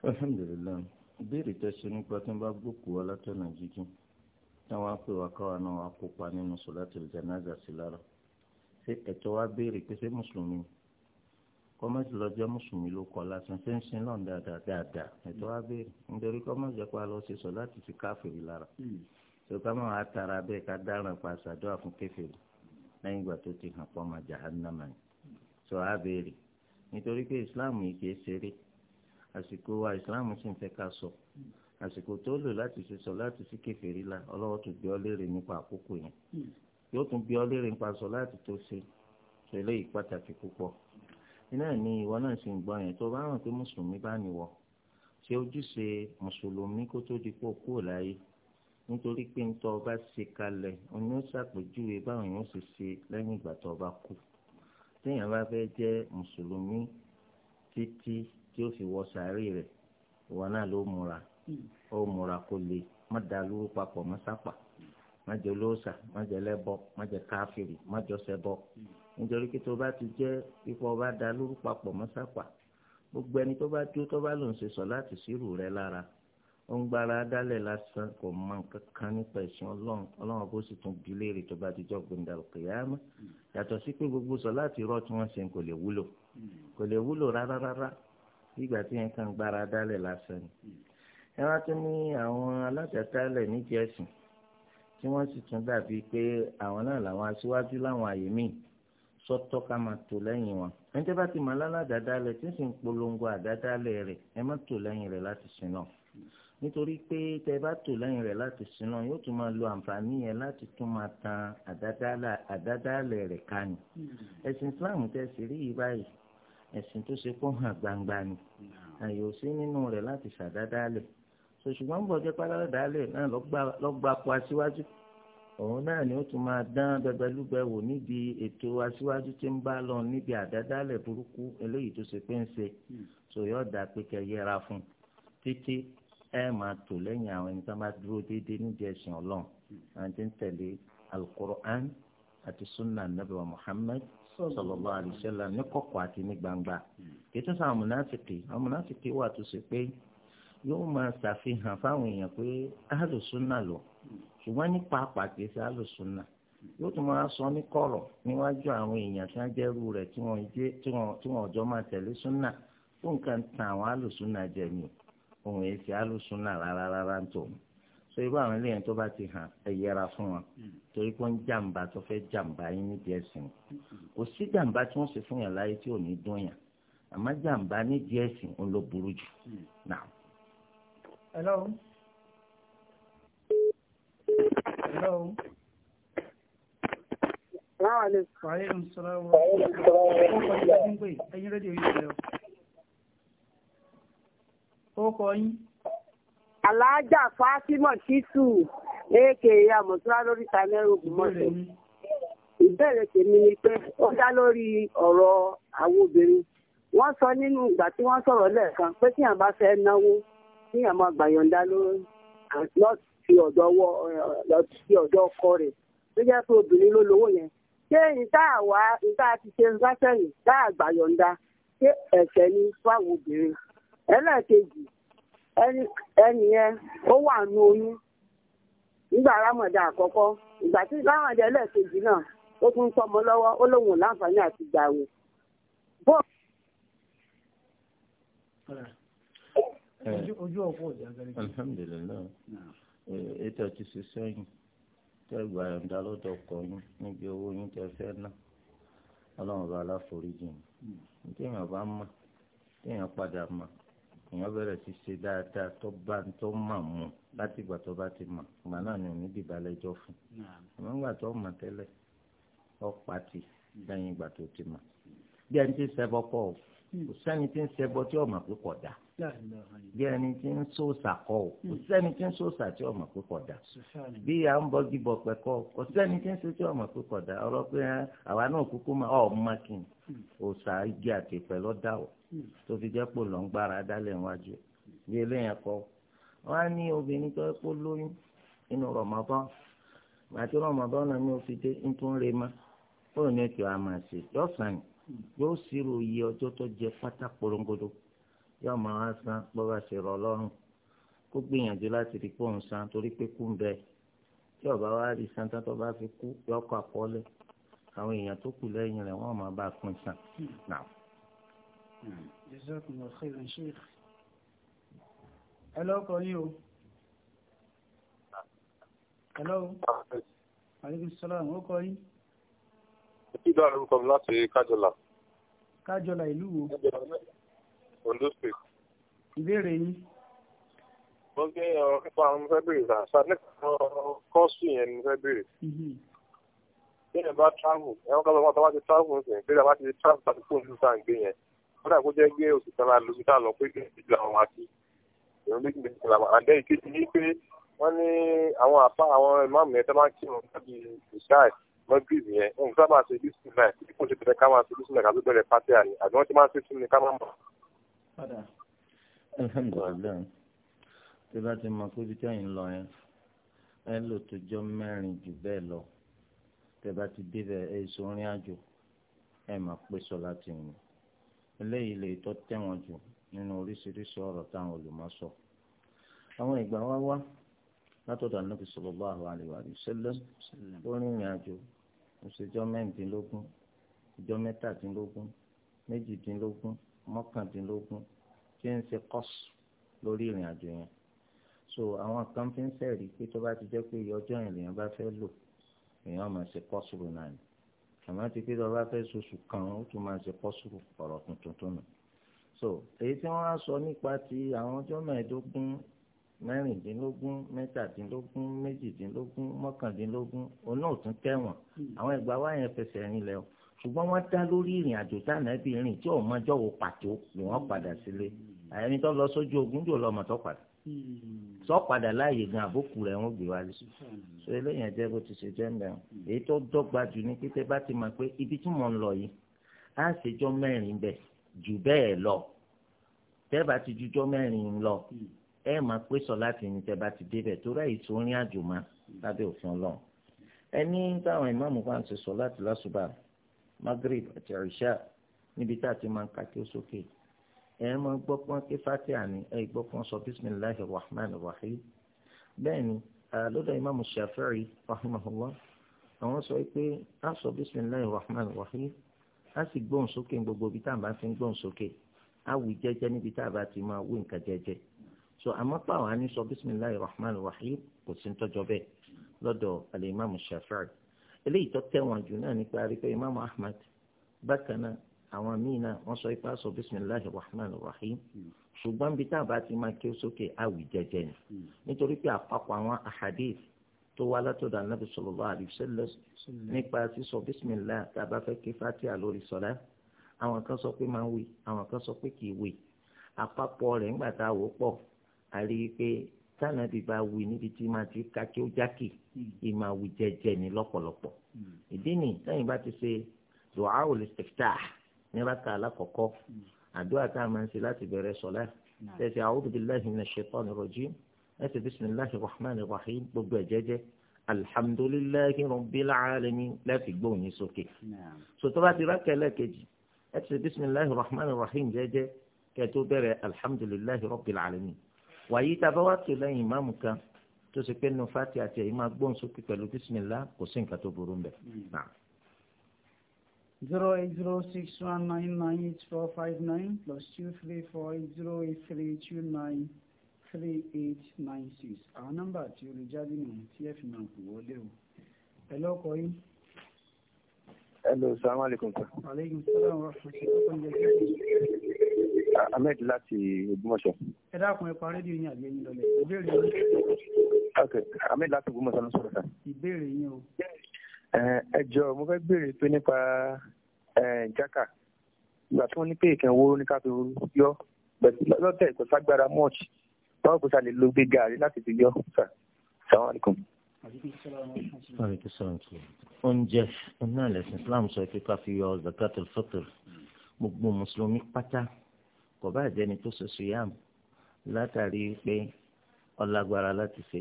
alhamdulilayi ìbéèrè tẹsán nípa tí wọn bá gbòkú wa látọ̀nà jíjìn táwọn á pè wá káwa náà wá kópa nínú sọ̀látù jánásà sí kọ́mọ̀sì lọ́jọ́ mùsùlùmí ló kọ́ lásán ṣé ń sin náà dáadáa dáadáa sọ láti fi lára hmm. ká máa tara bẹ́ẹ̀ ká dáràn pa sọ nítorí pé yìí ṣeré àsìkò wa sì sọ àsìkò tó lò láti ṣe sọ láti la ọlọ́wọ́ tó ọ léèrè nípa àkókò yẹn hmm. yóò tún ọ léèrè iná ní ìwọ náà sì ń gbọ́ yẹn tó bá hàn pé mùsùlùmí bá nìwọ ṣe ojúṣe mùsùlùmí kó tó di pò kúrò láyé nítorí pé ntọ́ ọba ṣe kalẹ̀ oní ó ṣàpèjúwe báwọn èèyàn ṣe ṣe lẹ́yìn ìgbà tó ọba kú téèyàn bá fẹ́ jẹ́ mùsùlùmí títí tí ó fi wọ sàárè rẹ̀ ìwọ náà ló múra ó múra kó le má da lóru papọ̀ má sápà má jẹ́ olóòṣà má jẹ́ lẹ́bọ má jẹ́ káfíìrì má jọ ṣẹbọ nítorí pé tó bá ti jẹ́ ipò ọba da lóru papọ̀ mọ́sápà gbogbo ẹni tó bá dúró tó bá lòun ṣe sọ láti sírù rẹ lára ó ń gbára dálẹ̀ lásán kò mọ nǹkan kan nípa ìsìn ọlọ́run ọlọ́run bó sì tún di léèrè tó bá dijọ́ gbẹ̀ndà òkè yáàmú yàtọ̀ sí pé gbogbo sọ láti rọ́ tí wọ́n ṣe kò lè wúlò kò lè wúlò rárá rárá nígbà tí yẹn kàn gbára dálẹ̀ lásán ni. ẹ wá tún ní àwọn alájàtálẹ̀ nídìí ẹ̀sìn tí wọ́n sì tún dàbí pé àwọn náà làwọn aṣíwájú láwọn àyè míì sọ́tọ́ ká máa tò lẹ́yìn wọn ẹni tẹ́ bá ti máa lálá àdádálẹ̀ tí ń sì ń polongo àdádálẹ̀ rẹ̀ ẹ má tò lẹ́yìn rẹ̀ láti sin náà nítorí pé tẹ́ bá tò lẹ́yìn rẹ̀ láti sin náà yóò tún máa lo àǹfààní yẹn láti tún máa tan àdádálẹ̀ rẹ̀ ká ni ẹ̀sìn Islam tẹ́ sì rí yìí báyìí ẹ̀sìn tó ṣe kó hàn gbangba ni àyè ò sí nínú rẹ̀ láti ṣàdádálẹ̀ ṣùgbọ́n bọ̀ jẹ́ pálá òun náà ni ó tún máa dán bẹbẹlúbẹ wò níbi ètò aṣíwájú tí ń bá lọ níbi àdádálẹ̀ burúkú eléyìí tó ṣe pé ń ṣe hmm. sòyọ́ dà pé kẹ yẹra fún títí ẹ máa tò lẹ́yìn àwọn ẹni tó bá dúró déédéé n'íbi ẹ̀sìn ọlọ́run hmm. àti ń tẹ̀lé alukur'an àti sunna nabi wa muhammad sallallahu alaihi wasallam ní kọ̀kọ̀ àti ní gbangba hmm. kì í tún sáà wà tó ṣe pé yóò máa ṣàfihàn fáwọn èèyàn pé ahlus sunna lọ ṣùgbọ́n nípa pàkíyèsí alùsùnà yóò tún máa sọ ní kọ̀rọ̀ níwájú àwọn èèyàn tí wọ́n jẹ́rú rẹ̀ tí wọ́n jẹ́ tí wọ́n ọjọ́ máa tẹ̀lé súnà tó nǹkan tan àwọn alùsùnà jẹ ni òun èsì alùsùnà rárá rárá ń tò so irú àwọn eléyàn tó bá ti hàn ẹ yẹra fún wọn torí pé ń jàǹbá tó fẹ́ jàǹbá yín nídìí ẹ̀sìn kò sí jàǹbá tí wọ́n ṣe fún yàn láyé tí ò ní dún yàn àmọ́ jàǹbá Hello. Wàhálà sọ̀rọ̀ wọn. Ọkọ̀ ìgbà tí ń pè ẹyin rédíò yìí ṣẹlẹ̀ o. Ó kọ yín. Aláàjà Fátímọ̀ Títù èkè Amọ̀túrá lórí Tanẹ́rù Ògùnmọ̀ṣẹ́. Ìbéèrè tèmi ni pé ó dá lórí ọ̀rọ̀ àwọn obìnrin. Wọ́n sọ nínú ìgbà tí wọ́n sọ̀rọ̀ lẹ́ẹ̀kan pé tíyàn bá fẹ́ náwó tíyàn máa gbàyọ̀ǹda lọ́sùn sí ọ̀dọ̀ ọwọ́ lọ ọ̀dọ̀ ọkọ rẹ̀ tó jẹ́ pé obìnrin ló lówó yẹn ṣé ìta àwa ìta ti ṣe látẹ̀yìn tá àgbà yọ̀ǹda ṣé ẹ̀ṣẹ̀ ni fáwọn obìnrin ẹlẹ́ẹ̀kejì ẹni yẹn ó wà nù oyún nígbà rámọ̀dá àkọ́kọ́ ìgbà tí rámọ̀dá ẹlẹ́ẹ̀kejì náà ó tún tọmọ lọ́wọ́ ó lóun láǹfààní àti ojú ọ̀pọ̀ ètò ti ṣiṣẹ́ yìí tẹ́ gba ẹ̀ǹda lọ́dọ̀ yín níbi owó yín tẹ́ fẹ́ ná ọlọ́run bá aláforíjì ni téèyàn bá mọ̀ téèyàn padà mọ̀ èèyàn bẹ̀rẹ̀ sí ṣe dáadáa tó bá tó mà mú láti ìgbà tó bá ti mọ̀ ìgbà náà ni òní ti lẹ́yìn ìgbà o. kò sẹ́ni tí ń ṣẹbọ tí ọmọ pé kò dá bí ẹni tí ń sòòsà o kò hmm. sẹ́ni tí ń sòòsà tí ọmọ pé kò bí à ń bọ́gi bọ̀pẹ̀ kọ kò sẹ́ni tí ń ṣe tí ọmọ hmm. igi àti ìpẹ́ lọ́dà wọ̀ hmm. tó fi jẹ́ pò lọ́ ń gbára dálẹ̀ bí eléyàn á ní obìnrin tó kó lóyún àti náà ni yóò ṣírò iye ọjọ́ tó jẹ pátá porongodo yóò máa san bọ́ba ṣe rọ lọ́rùn kó gbìyànjú láti rí pọ́ùn san torí pé kú ń bẹ tí ọba wa rí san tán tó bá fi kú yóò kọ àkọọ́lẹ̀ àwọn èèyàn tó kù lẹ́yìn rẹ̀ wọ́n máa bá a pín san náà. jazakumullahu khairan sheikh ẹ lọ́kọ̀ yín o. hello. aleykum salaam ó kọ yín. Ìdá orúkọ mi láti Kájọlà. Kájọlà ìlú wo? Ondo State. Ìbéèrè yín. Wọ́n gbé ọ̀rọ̀ nípa àwọn ọmọ fẹ́ bèrè rà. Sàlẹ́kọ̀ọ́ kọ́ọ̀sì yẹn ni fẹ́ bèrè téèyàn mm-hmm. bá travel ẹ̀wọ̀n kan lọ́wọ́ tó bá ti travel ṣe pé àbá ti travel tàbí fóun ní sáà ń gbé yẹn kódà kó jẹ́ gbé oṣù kan lóbi tá a lọ pé kéèké ju àwọn àti ìrún méjì méjì kan làwọn àdé ìkejì ní pé wọ́n ní àwọn àpá àwọn ìmáàmù yẹn tó máa ń kírun tàbí ìṣáì mọ́gírì yẹn òun sábà ṣe lísìn náà kí kò ṣe bẹ̀rẹ̀ ká máa ṣe lísìn náà ká tó bẹ̀rẹ̀ pátí àní àbí wọ́n ti máa ń ṣe sún ni ká máa mọ̀. alhamdulilayi tí bá ti mọ pé ibi tí àyìn lọ yẹn ẹ lò tó jọ mẹ́rin jù bẹ́ẹ̀ lọ tẹ́ bá ti débẹ̀ ẹ sọrin àjò ẹ máa pé sọ láti yìn eléyìí lè tọ́ tẹ̀wọ̀n jù nínú oríṣiríṣi ọ̀rọ̀ táwọn olùmọ̀ sọ àwọn ìgbà wá wá látọ̀dọ̀ ànábì sallallahu alaihi wa sallam ó rìnrìn oṣù mẹ́rìndínlógún ọjọ́ mẹ́tàdínlógún méjìdínlógún mọ́kàndínlógún tí ń ṣe kọ́sù lórí ìrìn àjò yẹn so àwọn kan fi ń sẹ̀rí pé tó bá ti jẹ́ pé ọjọ́ yẹn bá fẹ́ lò èèyàn máa ṣe kọ́sù rò náà ni àmọ́ ti pé tó bá fẹ́ ṣoṣù kan ó tún máa ṣe kọ́sù ọ̀rọ̀ tuntun tó nù so èyí tí wọ́n á sọ nípa ti àwọn ọjọ́ mẹ́ẹ̀ẹ́dógún mẹ́rìndínlógún mẹ́tàdínlógún méjìdínlógún mọ́kàndínlógún òun tẹ̀wọ̀n hmm. àwọn ẹgbàá wa yẹn fẹsẹ̀ rìn lẹ́wọ̀n ṣùgbọ́n wọ́n dá lórí ìrìn àjò táwọn rìn tí òun mọ́jọ́ wo pàtó ni wọ́n padà sílé hmm. ẹni tó lọ sójú ogun jò lọ́mọ tó padà hmm. sọ padà láàyè gan àbókù rẹ̀ wọ́n gbé wálé so eléyàn jẹ́ bó ti ṣe jẹ́ ń bẹ̀rù èyí tó dọ́gba jù ní pété bá ti mọ̀ pé ibi tí mò ń lọ yìí á ṣèjọ́ mẹ́rin bẹ̀ jù bẹ́ẹ̀ lọ tẹ́ẹ̀bà ti jújọ́ mẹ́rin lọ ẹ máa pé sọ láti ní tẹ́ bá ti débẹ̀ tó ráyè tó rìn àjò má lábẹ́ òfin Ọlọ́run ẹni táwọn ìmáàmù bá ń ṣe sọ láti lásùbà Maghrib àti àríṣà níbi tá a ti máa ń ka kí ó sókè ẹ máa gbọ́ pọ́n kí fatia ni ẹ gbọ́ pọ́n sọ bisimilahi rahman rahim bẹ́ẹ̀ ni lọ́dọ̀ ìmáàmù Shafi'i rahimahullah àwọn sọ pé a sọ bisimilahi rahman rahim a sì gbóhùn sókè gbogbo ibi tá a bá ti ń gbóhùn sókè a wí jẹ́jẹ́ níbi tá a bá ti máa wí nǹkan jẹ́jẹ́ so àmọ́ pàwọn àní sọ bisimilahi rahman rahim kò sí tọ́jọ́ bẹ́ẹ̀ lọ́dọ̀ alẹ́ imáàmù shafi'i eléyìí tó tẹ̀wọ̀n jù náà nípa àríkọ́ imáàmù ahmad bákan náà àwọn míì náà wọ́n sọ ipá sọ bisimilahi rahman rahim ṣùgbọ́n bí tá a bá ti máa kí ó sókè àwì jẹjẹ ni nítorí pé àpapọ̀ àwọn ahadith tó wá látọ̀dọ̀ anábì sallallahu alaihi nípa sísọ bisimilah tá a bá fẹ́ kí fatiha lórí sọ̀lá àwọn kan sọ pé máa wí àwọn kan sọ pé kì í wí àpapọ̀ rẹ̀ ńgbà tá a wò pọ̀ a rí i pé tánàbí bá wí níbi tí máa ti ká kí ó jákè hmm. ìmọ̀ àwì jẹjẹ ní lọ́pọ̀lọpọ̀ hmm. ìdí ni sẹ́yìn bá ti ṣe du'a al-istiftah ní rákà alákọ̀ọ́kọ́ hmm. àdúrà tá a máa ń ṣe láti bẹ̀rẹ̀ sọ̀lá tẹ̀sí a'udhu billahi minash shaitani rajim ẹ̀sẹ̀ bismillahir rahmanir rahim gbogbo ẹ̀jẹ̀jẹ̀ alhamdulillahi rabbil alamin láti gbóhùn sókè sọtọ́ bá ti rákà ẹlẹ́kejì ẹ̀sẹ̀ bismillahir rahmanir rahim jẹ́jẹ́ kẹ́ẹ̀ tó bẹ̀rẹ̀ alhamdulillahi rabbil alamin wàyí tá a bá wá pè lẹ́yìn ìmáàmù kan tó ṣe pé nínú fati àti ẹ̀yìn máa gbóhùn sókè pẹ̀lú bísímìlá kò sí nǹkan tó burú mbẹ̀. Hmm. zero eight zero six one nine nine eight four five nine plus two three four eight zero eight three two nine three eight nine six àwọn nọ́mbà tí olùjáde nù tí ẹ fi máa kú wọlé o ẹ lọ́kọ̀ọ́ yìí. Hello, salaam alaikum sir. Aleykum salaam wa rahmatulah. Ahmed láti Ògbómọ̀ṣọ́. Ẹ dákun ẹ̀pọ̀ rédíò yín àgbẹ̀ yín lọlẹ̀. Ìbéèrè yín. Ok, Ahmed láti Ògbómọ̀ṣọ́ ló sọ̀rọ̀ sir. Ìbéèrè yín o. Ẹ jọ mo fẹ́ béèrè pé nípa jákà. Ìgbà tí wọ́n ní pé ìkẹ́ owó ní ká fi yọ lọ́tẹ̀ kò ságbára much. Báwo kò sá lè lo gbé gààrí láti fi yọ sir? Salaam alaikum oúnjẹ náà lẹ́sìn islam sọ pé ká fi yọ zakat al-fitr gbogbo mùsùlùmí pátá kò bá jẹni tó ṣe suyam látàrí pé ọlágbára láti ṣe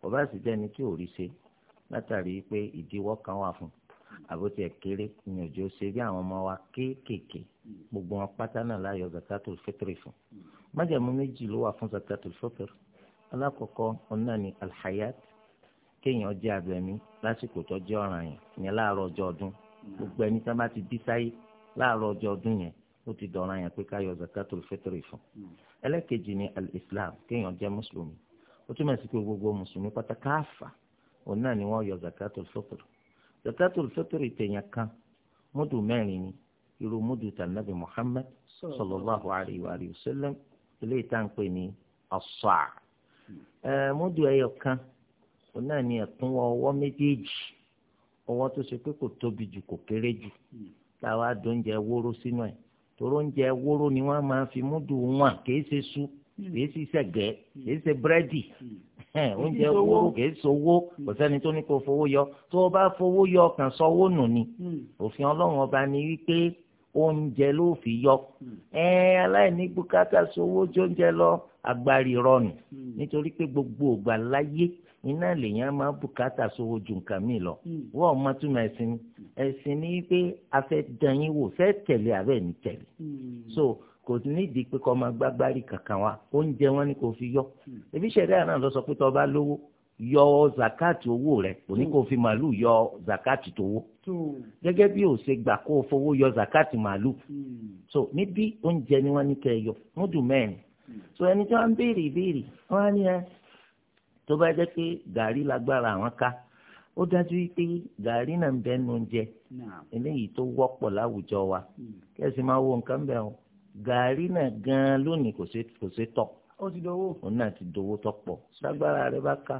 kò bá sì jẹni tí ò rí ṣe látàrí pé ìdíwọ́ kan wà fún àbótí ẹ̀kéré ní òjò ṣe bí àwọn ọmọ wa kéékèèké gbogbo wọn pátá náà láyọ zakat al-fitr fún májàmú méjì ló wà fún zakat al-fitr alákọ̀ọ́kọ́ ọ̀nà ni alhayat kéèyàn jẹ́ abẹ̀mí lásìkò tó jẹ́ ọ̀ràn yẹn ìyẹn láàárọ̀ ọjọ́ ọdún gbogbo ẹni tá bá ti bí sáyé láàárọ̀ ọjọ́ ọdún yẹn ó ti dọ̀ràn yẹn pé ká yọ zakatul fitri fún ẹlẹ́kejì ni al-islam kéèyàn jẹ́ mùsùlùmí ó túmọ̀ sí pé gbogbo mùsùlùmí pátá káàfà òun náà ni wọ́n yọ zakatul fitri zakatul fitri tèèyàn kan múdù mẹ́rin ni irú múdù tànàbì muhammad sallallahu alayhi wa sallam òun náà ni ẹ̀kún ọwọ́ méjèèjì ọwọ́ tó ṣe pé kò tóbi jù kò kéré jù táwa dóúnjẹ wóró sínú ẹ̀ toró oúnjẹ wóró ni wọ́n máa fi múdù wọn kìí ṣe sú kìí ṣe sẹ̀gẹ́ kìí ṣe búrẹ́dì oúnjẹ wóró kìí ṣowó kò sẹ́ni tó ní kó fowó yọ tó o bá fowó yọ kàn sọ́wọ́ nù ni hmm. òfin ọlọ́run ọba ni wípé oúnjẹ ló fi yọ hmm. ẹ aláìní bùkátà sówó jóúnjẹ lọ agbárí rọnù hmm. nítorí pé gbogbo ògbà láyé iná lèèyàn máa bùkátà sówó ju nǹkan mi lọ hmm. wọ́n ọmọ túmọ̀ ẹ̀sìn ẹ̀sìn ni pé a fẹ́ dán yín wò fẹ́ tẹ̀lé abẹ́ ní tẹ̀lé hmm. so kò nídìí pé kọ́ máa gbágbárí kankan wa oúnjẹ wọn ni kò fi yọ hmm. ebi ṣẹ̀dá náà lọ sọ pé tọ́ bá lówó yọ zakati owó rẹ òní kò fi màálù yọ zakati tówó gẹ́gẹ́ bí o ṣe gbà kó o fowó yọ zakati màálù so níbi oúnjẹ ni wọ́n ní kẹ́ ẹ yọ múdù mẹ́rin so ẹni tí wọ́n ń béèrè ìbéèrè wọ́n á ní ẹ tó bá jẹ́ pé gàrí lágbára àwọn ká ó dájú pé gàrí náà ń bẹ nu oúnjẹ eléyìí tó wọ́pọ̀ láwùjọ wa hmm. kẹ́sì máa wo nǹkan bẹ́ẹ̀ o gàrí náà gan-an lónìí kò ṣe kò ṣe tọ̀ ó ti dowó òun náà ti dowó tọ̀pọ̀ tágbára rẹ bá ká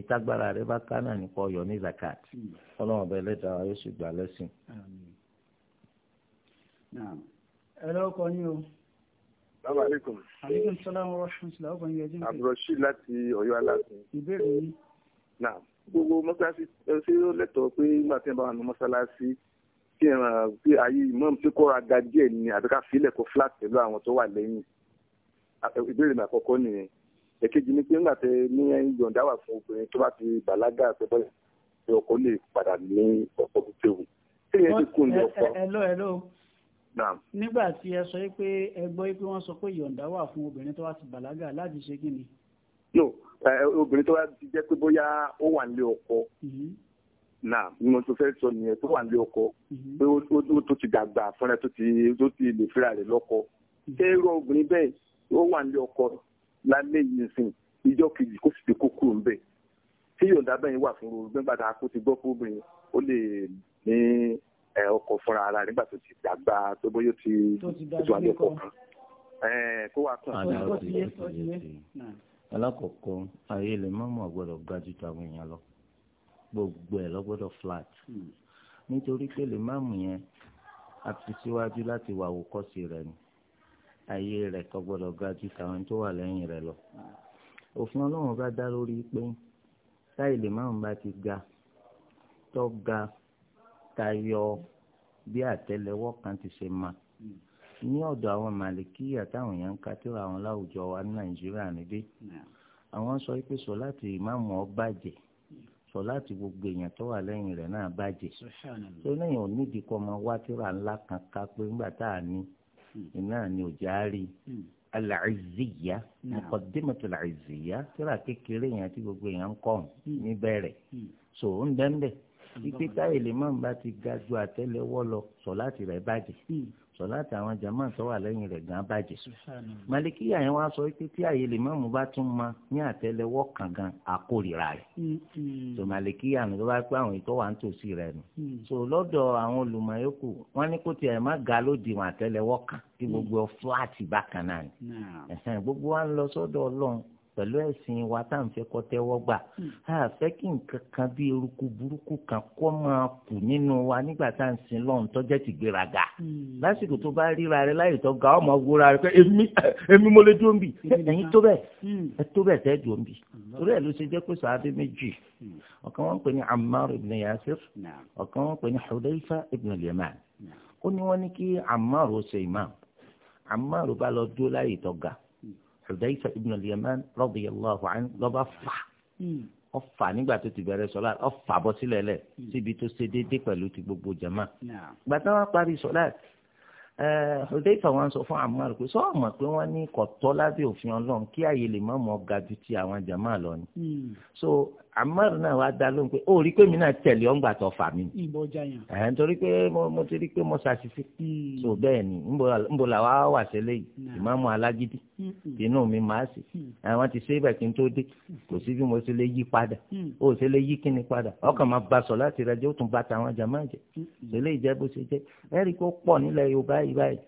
ìtagbára rẹ bá ká náà nípa ọyọ ní zakat hmm. ọlọ́run ọba ẹlẹ́dàá wa yóò ṣùgbà lẹ́sìn. ẹ lọ́kọ yín o. Assalamu alaikum. Aleykum salaam wa rahmatulah. Ọkàn yẹn jẹ́ mi. Àbúrọ̀ṣì láti Ọ̀yọ́ Aláàfin. Ìbéèrè yìí. Nà gbogbo mọ́ṣáláṣí ṣé ó lẹ́tọ̀ọ́ pé nígbà tí wọ́n bá wà ní mọ́ṣáláṣí kí ẹran bí ayé ìmọ̀ tí kò ra ga díẹ̀ ni àbí ká fílẹ̀ kó flat pẹ̀lú àwọn tó wà lẹ́yìn. Ìbéèrè mi àkọ́kọ́ nìyẹn. Èkejì ni pé nígbà tí ní yọ̀ǹda wà fún obìnrin tó bá ti bàlágà pẹ̀lú ọkọ lè padà ní ọ̀pọ̀ nígbà tí ẹ sọ pé ẹ gbọ́ pé wọ́n sọ pé ìyọ̀ǹda wà fún obìnrin tó wá ti bàlágà láti ṣe kí ni. no obìnrin tó wá ti jẹ́ pé bóyá ó wà nílé ọkọ náà mm-hmm. ni mo tún fẹ́ sọ nìyẹn tó wà nílé ọkọ mm-hmm. pé ó tó ti dàgbà fúnra tó ti tó ti lè fira rẹ̀ lọ́kọ mm-hmm. ṣé irú obìnrin bẹ́ẹ̀ ó wà nílé ọkọ lálẹ́ yìí sìn ìjọ kejì kó sì ti kó kúrò ń bẹ̀ tí yọ̀ǹda bẹ́ẹ̀ wà fún obìnrin ẹ ọkọ fúnra ara nígbà tó ti dàgbà tó bóyá ti tó wà lẹ́kọ̀ọ́ kan kó wàá tún àná. alákọ̀ọ́kọ́ ayé lè má mọ̀ gbọ́dọ̀ ga ju tàwọn èèyàn lọ gbogbo ẹ̀ lọ́gbọ́dọ̀ flat hmm. nítorí pé lè má mú yẹn a fi síwájú láti wà àwòkọ́sí rẹ̀ ni ayé rẹ̀ kò gbọ́dọ̀ ga ju tàwọn tó wà lẹ́yìn rẹ̀ lọ òfin ọlọ́run bá dá lórí pé táyì lè má mú bá ti ga tó ga tayọ bí àtẹ́lẹwọ́ kan ti ṣe ma ní ọ̀dọ̀ àwọn màlìkíyà táwọn èèyàn ń ka tíra àwọn láwùjọ wa ní nàìjíríà níbí àwọn sọ pé sọ láti ìmáàmù ọ bàjẹ́ sọ láti gbogbo èèyàn tó wà lẹ́yìn rẹ̀ náà bàjẹ́ tó lẹ́yìn onídìí kọ́ ọmọ wá tíra ńlá kan ká pé ńgbà tá a ní iná ni ò já rí alàìzíyá mọ̀kọ́dẹ́mọ̀tò alàìzíyá tíra kékeré yẹn tí gbogbo èèyàn ń kọ́ hmm. níbẹ̀rẹ̀ hmm. so ń bẹ́ẹ̀ wípé táyì lè mọ̀n bá ti ga ju àtẹ́lẹwọ́ lọ sọ̀láàtì rẹ̀ bàjẹ́ hmm. sọ̀láàtì àwọn jàmọ́ tó wà lẹ́yìn rẹ̀ gan bàjẹ́ màlìkíyà yẹn wá sọ wípé tí àyè lè mọ̀n bá tún mọ ní àtẹ́lẹwọ́ kan gan àkórìíra rẹ̀ tó hmm, hmm. màlìkíyà ni tó bá pé àwọn ìtọ́wà ń tòsí rẹ̀ nù so lọ́dọ̀ àwọn olùmọ̀ yòókù wọ́n ní kó tiẹ̀ má ga lóde wọn àtẹ́lẹwọ́ kan kí gbogbo fúláàtì bákan náà ni gbogbo wa ń lọ sọ́dọ̀ ọlọ́run pẹ̀lú ẹ̀sìn wa tá à ń fẹ́ kọ́ tẹ́wọ́ gbà á hmm. fẹ́ kí nǹkan kan bí eruku burúkú kan kọ́ máa kù nínú wa nígbà tá à ń sin lọ́run tọ́jẹ́ ti gbéraga hmm. lásìkò tó bá ríra rẹ láyè tó ga ọmọ wúra rẹ pé èmi èmi mo lè dúró ń bì ẹ̀yin tó bẹ̀ hmm. ẹ tó bẹ̀ tẹ́ dùn bì torí ẹ̀ ló ṣe jẹ́ pé sàádé méjì ọ̀kan wọn pè ní Ammar ibn Yasir ọ̀kan wọn pè ní Hudayfa ibn al ó ní wọ́n ní kí Ammar ó ṣe imam Ammar bá lọ dúró láyè tó ga. Hudayfa ibn al-Yaman radiyallahu anhu lọ́ba fà ọ̀fà hmm. nígbà tó ti bẹ̀rẹ̀ sọ́lá ọ̀fà bọ́ sílẹ̀ lẹ̀ hmm. síbi tó ṣe déédéé pẹ̀lú ti gbogbo jama. gbàtà wọn parí sọ́lá Hudayfa wọn sọ fún Ammar pé sọ ọmọ pé wọn ní kọ̀tọ́ lábẹ́ òfin Ọlọ́run kí àyè lè má mọ́ ga ju ti àwọn jama lọ ni. Hmm. so Amar náà wàá dá lóhùn pé ó rí pé mi náà tẹ̀lé ọ̀ngbà tó fà mí. ìbọn jàyàn. ẹ̀ ń torí pé mo ti rí pé mo ṣàṣìṣe. tó hmm. bẹ́ẹ̀ ni nbọ là wá wà sílẹ̀ yìí ìmáàmù alágídí hmm. inú mi máa sì. àwọn hmm. ti ṣe ibà kí n tó dé kò sí bí mo ṣe lè yí padà ó ṣe lè yí kíni padà ọkàn máa ba sọ láti rẹ jẹ́ ó tún ba tàwọn jàmáà jẹ́ ṣẹlẹ̀ ìjẹ́ bó ṣe jẹ́ ẹ̀rí kó pọ̀ nílẹ̀ Yorùbá yìí báyìí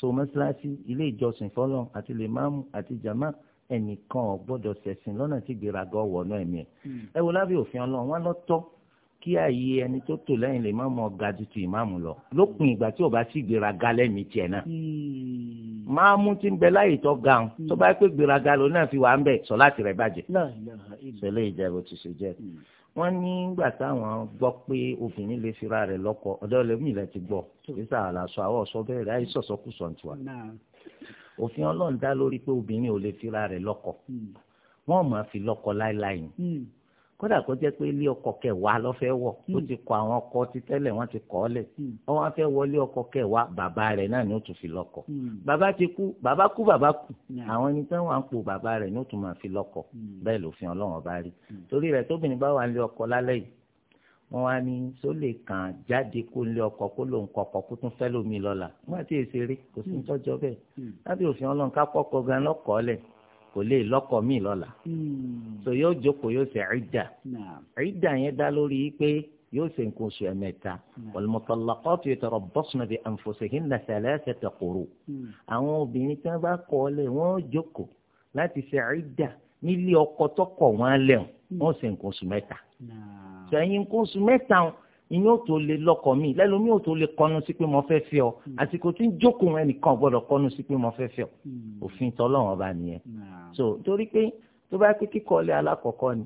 so mọ́ṣáláṣí ilé ìjọsìn fọlọ́n àti lè máàmù àti jàmá ẹnìkan ò gbọ́dọ̀ ṣẹ̀sìn lọ́nà tí gbéraga wọnú ẹ̀mí ẹ̀ ẹ wo lábẹ́ òfin ọlọ́run wọn lọ tọ́ kí ààyè ẹni tó tò lẹ́yìn lè máàmù ọ̀gá tuntun ìmáàmù lọ lópin ìgbà tí ò bá sí gbéraga lẹ́mìí tiẹ̀ náà hmm. máàmù ti ń bẹ láyè tó ga ọ hmm. tó bá pé gbéraga lòun náà fi wà ń bẹ sọ láti rẹ̀ bàjẹ́ sọ lè bó ti ṣe jẹ́ hmm wọ́n ní gbà táwọn gbọ́ pé obìnrin lè fira rẹ̀ lọ́kọ ọ̀dọ́ lẹ́mìí rẹ̀ ti gbọ́ nígbà àlàsọ àwọn ọ̀sọ́ bẹ́ẹ̀ rẹ̀ àìsọ̀sọ́kùsọ̀ tiwa òfin ọlọ́run dá lórí pé obìnrin ò lè fira rẹ̀ lọ́kọ hmm. wọ́n máa fi lọ́kọ láéláé ni hmm kódà kó jẹ́ pé ilé ọkọ̀ kẹwàá ló fẹ́ wọ̀ ó hmm. ti kọ àwọn ọkọ̀ ti tẹ́lẹ̀ wọ́n ti kọ́ lẹ̀ hmm. ó wá fẹ́ wọlé ọkọ̀ kẹwàá bàbá rẹ̀ náà ni ó tún fi lọ́kọ̀ hmm. bàbá ti kú bàbá kú bàbá kú àwọn ẹni tí wọ́n á ń po bàbá rẹ̀ ni ó tún máa fi lọ́kọ̀ bẹ́ẹ̀ lòfin ọlọ́run bá rí torí rẹ̀ tóbìnrin bá wà ní ọkọ̀ lálẹ́ yìí wọ́n wá ní sólè kan jáde kó lé ọkọ̀ kó lóun kọ̀ọ̀kọ̀ kó tún fẹ́ lómi lọ́la wọ́n àti èsèré kò sí ní tọ́jọ́ bẹ́ẹ̀ lábẹ́ òfin ọlọ́run ká pọ́kọ̀ gan lọ́kọ̀ọ́lẹ̀ kò lè lọ́kọ míì lọ́la hmm. so yóò jókòó yóò ṣe ìdà ìdà yẹn dá lórí pé yóò ṣe nǹkan oṣù ẹ̀mẹ́ta hmm. wal-mutallaqatu yatarabbasna bi anfusihinna thalathata quru hmm. àwọn obìnrin tí wọ́n bá kọ́ ọ lẹ̀ wọ́n jókòó láti ṣe ìdà nílé ọkọ tọkọ wọn lẹ̀ wọ́n ṣe nǹkan oṣù mẹ́ta ṣẹ́yìn nǹkan oṣù mẹ́ta ìyẹn ò tó lè lọ́kọ mi lẹ́lómi ò tó lè kọnu sí pé mo fẹ́ fẹ́ ọ hmm. àsìkò tí ń jókòó ẹnìkan gbọ́dọ̀ kọnu sí pé mo fẹ́ fẹ́ ọ hmm. òfin tọ́lọ́run ọba nìyẹn so torí pé tó bá pé kíkọ́lé alákọ̀ọ́kọ́ ni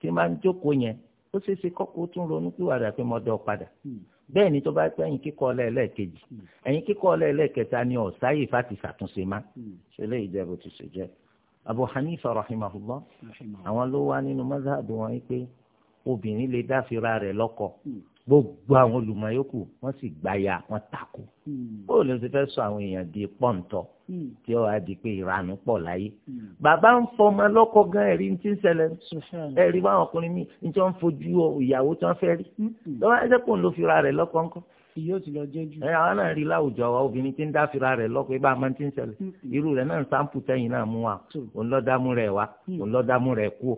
tí máa ń jókòó yẹn ó ṣeé ṣe tún ronú pé wàdà pé mo dọ̀ padà hmm. bẹ́ẹ̀ ni tó bá pé ẹ̀yìn kíkọ́lé ẹlẹ́ẹ̀kejì ẹ̀yìn kíkọ́lé ẹlẹ́ẹ̀kẹta ni ọ̀sáyè fati ṣàtúnṣe má ṣe lè jẹ́ bó ti ṣe jẹ́ Abu Hanifa rahimahullah àwọn ló wá nínú mazhabu wọn yìí gbogbo àwọn olùmọ̀ yòókù wọ́n sì gbáya wọ́n takò hmm. bóò ló ti fẹ́ sọ àwọn èèyàn di pọ́ǹtọ̀ hmm. tí ó wá di pé ìranù pọ̀ láyé hmm. bàbá ń fọmọ lọ́kọ gan ẹ̀rí ti ń ṣẹlẹ̀ ẹ̀rí báwọn ọkùnrin mi ní tí wọ́n ń fojú ìyàwó tí wọ́n fẹ́ rí lọ́wọ́ ẹ̀jẹ̀ kò ń lo fira rẹ̀ lọ́kọ ńkọ́ yóò ti lọ jẹ́ jù. ẹ àwọn náà rí láwùjọ wa obìnrin tí ń dá fira rẹ̀ lọ́kọ ibà máa ti ń ṣẹlẹ̀ irú rẹ̀ náà sáǹpù tẹ̀yìn náà mú wa òun lọ́dàmú rẹ̀ wa òun lọ́dàmú rẹ̀ kú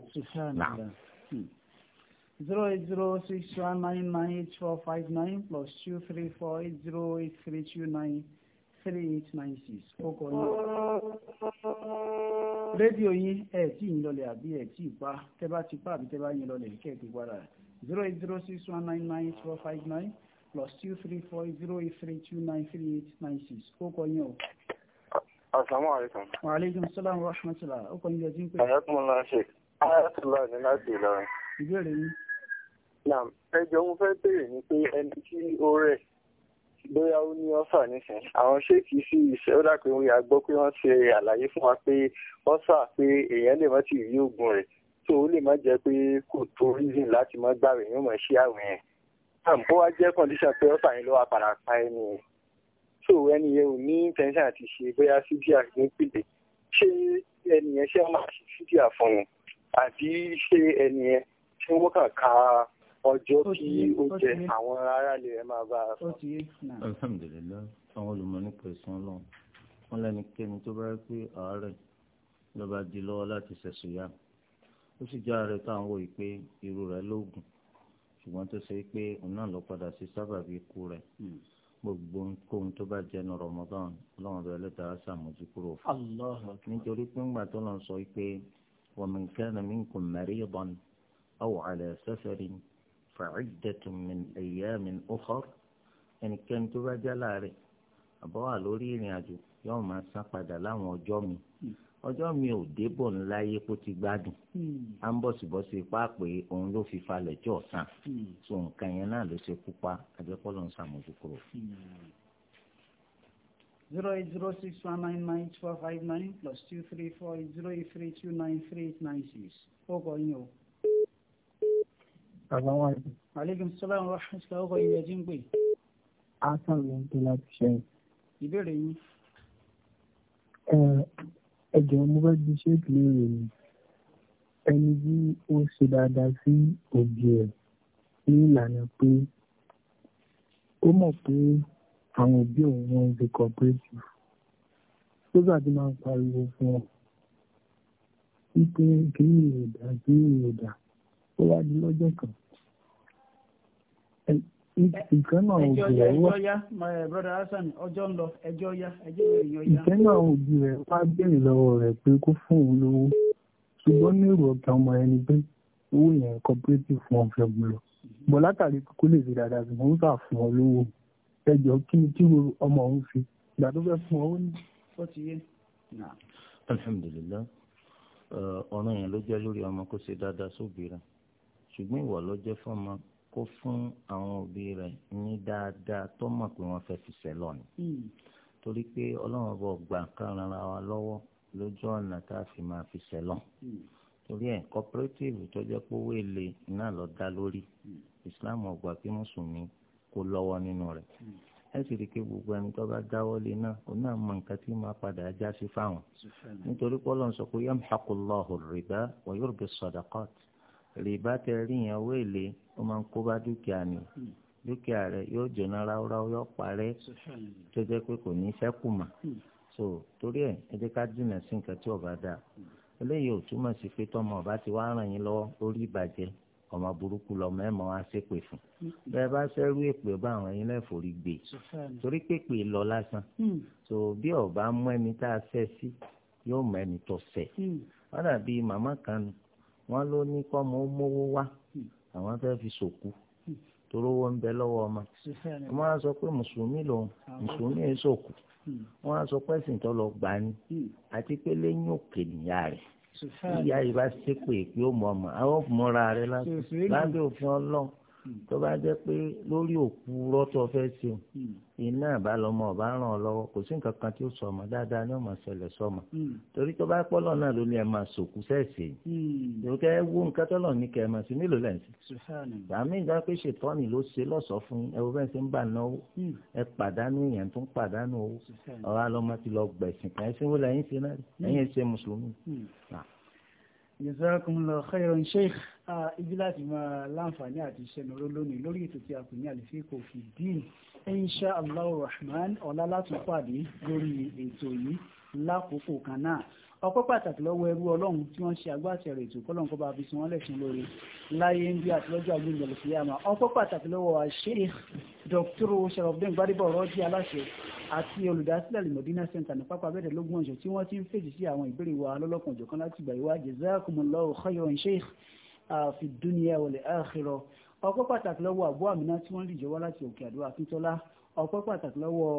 zero eight zero six one nine nine eight four five nine plus two three four eight zero eight three two nine three eight nine six ọkọ yìí. rédíò yín ẹ tí ì ń lọlẹ̀ àbí ẹ tí ì pa tẹ́ bá ti pa àbí tẹ́ bá yín lọlẹ̀ kẹ́ ẹ ti padà zero eight zero six one nine nine eight four five nine plus two three four zero eight three two nine three eight nine six ọkọ yín o. asalaamualeykum. waaleykum salaam wa rahmatulah ọkọ yín lọ sí ń pè. ayatollah ṣe ayatollah ni láti Ìlọrin. ìbéèrè yín. Naam, ẹjọ́ mo fẹ́ béèrè ni pé ẹni tí ó rẹ̀ bóyá ó ní ọ́fà nísìn. Àwọn ṣéèkì sí iṣẹ́ ó dàpé wọ́n yà gbọ́ pé wọ́n ṣe àlàyé fún wa pé ọ́fà pé èèyàn lè má ti rí oògùn rẹ̀. Tó o lè má jẹ́ pé kò tó reason láti má gbàwé yóò mọ̀ ṣí àwìn yẹn. Naam, ó wá jẹ́ condition pé ọ́fà yẹn ló wà padà pa ẹni yẹn. So ẹni yẹn ò ní intention àti ṣe bóyá sídíà ní pìlè. Ṣé ẹni yẹn ṣé wọ́n máa ṣe sídíà fún un? Àbí ṣé ẹni yẹn ṣé wọ́n kàn ká ọjọ́ kí ó jẹ àwọn aráàlú rẹ̀ máa bá a fún. alhamdulilayi àwọn olùmọ̀ nípa ẹ̀sán ọlọ́run wọn lẹ́nikẹ́ni tó bá rí pé àárẹ̀ lọ́ba di lọ́wọ́ láti ṣẹ̀ṣùn yá ó sì já rẹ̀ táwọn wòye pé irú rẹ̀ lóògùn ṣùgbọ́n tó ṣe pé òun náà lọ padà sí sábàbí ikú rẹ̀ hmm. gbogbo ohun tó bá jẹ́ ní Ramadan lọ́wọ́n bẹ̀rẹ̀ lẹ́tàá sàmójú kúrò fún nítorí pé ńgbà tó lọ sọ pé wa man kana minkum maridan aw ala safarin فعدة من أيام أخر ẹnikẹ́ni tó bá jẹ́ láàárẹ̀ àbọ̀ wà lórí ìrìn àjò yóò máa san padà láwọn ọjọ́ mi ọjọ́ mi ò débọ̀ ńlá yé kó ti gbádùn à hmm. ń bọ̀sibọ̀si ipá pé òun ló fi falẹ̀ jọ̀ sàn hmm. so nǹkan yẹn náà ló ṣe pupa àjẹpọ̀ ló ń ṣàmójú kúrò. Hmm. zero eight zero six one nine nine twelve five nine plus two three four zero eight three two nine three eight nine six ó kọ yín o. Assalamu alaikum. Aleykum salaam wa rahmatullahi ọkọ̀ ilẹ̀ tí ń pè. Asan ló ń pè láti ṣe. Ìbéèrè yín. Ẹ̀jẹ̀ mo fẹ́ di ṣéèkì lóore ni. Ẹni bí ó ṣe dáadáa sí òbí ẹ̀ ní ìlànà pé ó mọ̀ pé àwọn òbí òun wọn ti cooperative. Sọ́jà ti máa ń pariwo fún ọ. Wípé kí ni ìròdà sí ìròdà ó wá di lọ́jọ́ kan ìkan náà ojú rẹ̀ wá. ẹjọ́ ya brother Hasan ọjọ́ ń lọ ẹjọ́ ya ẹjọ́ èèyàn ya. ìkan náà ojú rẹ̀ wá béèrè lọ́wọ́ rẹ̀ pé kó fún òun lówó ṣùgbọ́n ní èrò ọ̀gá ọmọ ẹni pé owó yẹn cooperative fún ọ̀fẹ́ gbọ́lọ̀ bọ̀ látàrí kó lè fi dáadáa sí òun kà fún ọ lówó ẹjọ́ kí ni kí ọmọ òun fi ìgbà tó fẹ́ fún ọ ó ní. ó ti yé. alhamdulilayi ọ̀ràn yẹn ló jẹ́ lórí ọmọ kó ṣe dáadáa sóbìrà ṣùgbọ́n ìwà ló fọ́mọ kó fún àwọn òbí rẹ̀ ní dáadáa tó mọ̀ pé wọ́n fẹ́ fi sẹ́lọ̀ ni. Hmm. torí pé ọlọ́run bọ̀ gbà kán ara wa lọ́wọ́ lójú ọ̀nà tá a fi máa fi sẹ́lọ̀. Hmm. torí ẹ̀ cooperative tó jẹ́ pé owó èlé náà lọ dá lórí hmm. Islam ò pé mùsùlùmí kó lọ́wọ́ nínú rẹ̀. ẹ sì rí i pé gbogbo ẹni tó bá dáwọ́ lé náà òun náà mọ nǹkan tí máa padà já sí fáwọn. nítorí pé sọ pé yamhaqullahu ar-riba wa yurbi as-sadaqat rìbá tẹ rí yẹn owó èlé ó máa ń kó bá dúkìá ni dúkìá rẹ yóò jóná ráúráú yóò parẹ́ tó jẹ́ pé kò ní ṣẹ́kù mà so torí ẹ̀ ẹ jẹ́ ká jìnnà sí nǹkan tí ọba dáa eléyìí ò túmọ̀ sí pé tọmọ ọba ti wá ràn yín lọ́wọ́ lórí ìbàjẹ́ ọmọ burúkú lọmọ ẹ mọ àṣepè fún bẹ́ẹ̀ bá sẹrú èpè bá àwọn ẹyin lẹfọrí gbé torí pépè lọ lásán so bí ọba mú ẹni tá a fẹ́ sí yóò mọ ẹni tó fẹ́ wọn dàbí màmá kan wọ́n ló ní kọ́mọ ó mówó wá àwọn fẹ́ fi sòkú torówó ń bẹ lọ́wọ́ ọmọ wọ́n á sọ pé mùsùlùmí lòun mùsùlùmí ẹ̀ sòkú wọ́n á sọ pé ẹ̀sìn tó lọ gbà ní àti pé lẹ́yìn òkè nìyá rẹ̀ ìyá yìí bá ṣépè pé ó mọ ọmọ àwọn ò múra rẹ̀ lábẹ́ òfin ọlọ́run tó bá jẹ́ pé lórí òkú rọ́tọ̀ fẹ́ ṣeun iná àbálọmọ ọba ràn ọ lọ́wọ́ kò sí nǹkan kan tí ó sọ ọmọ dáadáa ní ọmọ ṣẹlẹ̀ sọmọ torí tó bá pọ́lọ̀ náà ló ní ẹ máa sòkú sẹ́ẹ̀sì yìí kẹ́ wó nǹkan tọ́lọ̀ ní kẹ́ ẹ máa sí nílò lẹ́ǹsì. àmì ìgbà pé ṣètọ́ni ló ṣe lọ́sọ̀ọ́ fún ẹ wo bẹ́ẹ̀ ṣe ń bà náwó hmm. ẹ pàdánù èèyàn tó ń pàdánù owó ọ̀rọ̀ àlọ́mọ ti lọ gbẹ̀sìn kan ẹ jazakumullahu khairan sheikh ibi láti máa láǹfààní àti ìṣẹ̀nuró lónìí lórí ètò tí a pè ní àlìfíkò fi dín insha allahu rahman ọ̀la látún pàdé lórí ètò yìí lákòókò kan náà ọpẹ́ pàtàkì lọ́wọ́ ẹrú ọlọ́run tí wọ́n ṣe agbáṣẹ́rò ètò kọ́lọ́n kọ́ bá fi sun wọ́n lẹ́sìn lórí láyé ń bí àti lọ́jọ́ àgbéǹdọ̀lù sí yàmà ọpẹ́ pàtàkì lọ́wọ́ Sheikh Dr. Sharafdin Gbadebo ọ̀rọ̀jì aláṣẹ àti olùdásílẹ̀ Limodina Center ní pápá abẹ́rẹ́ lógún ọ̀jọ̀ tí wọ́n ti ń fèjì sí àwọn ìbéèrè wa lọ́lọ́kan òjọ̀kan láti gbà ìwà jazakumullahu khayran Sheikh fi dunya wal akhirah ọpẹ́ pàtàkì lọ́wọ́ àbúrò àmìnà tí wọ́n lè jọ wá láti òkè àdúrà akíntọ́lá ọpẹ́ pàtàkì lọ́wọ́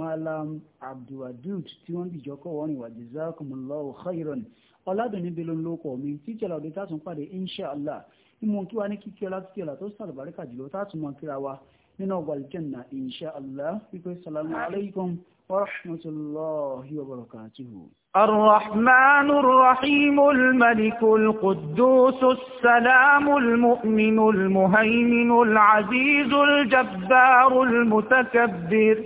malam abdulwadud tí wọ́n dìjọ kọ́ wọ́n rìn wá jazakumullahu khairan ọ̀làdùnní bẹ́ẹ̀ ló ń lóko mi tíjọ́ làwọn ìdíta tún pàdé inshallah ìmọ̀ kí wá ní kíkí ọlá kíkí ọlá tó sàlùbáríkà jùlọ tá a tún mọ kíra wa nínú ọgbà aljanna inshallah wípé salamu alaykum wa rahmatulahi wa barakatuhu. الرحمن الرحيم الملك القدوس السلام المؤمن المهيمن العزيز الجبار المتكبر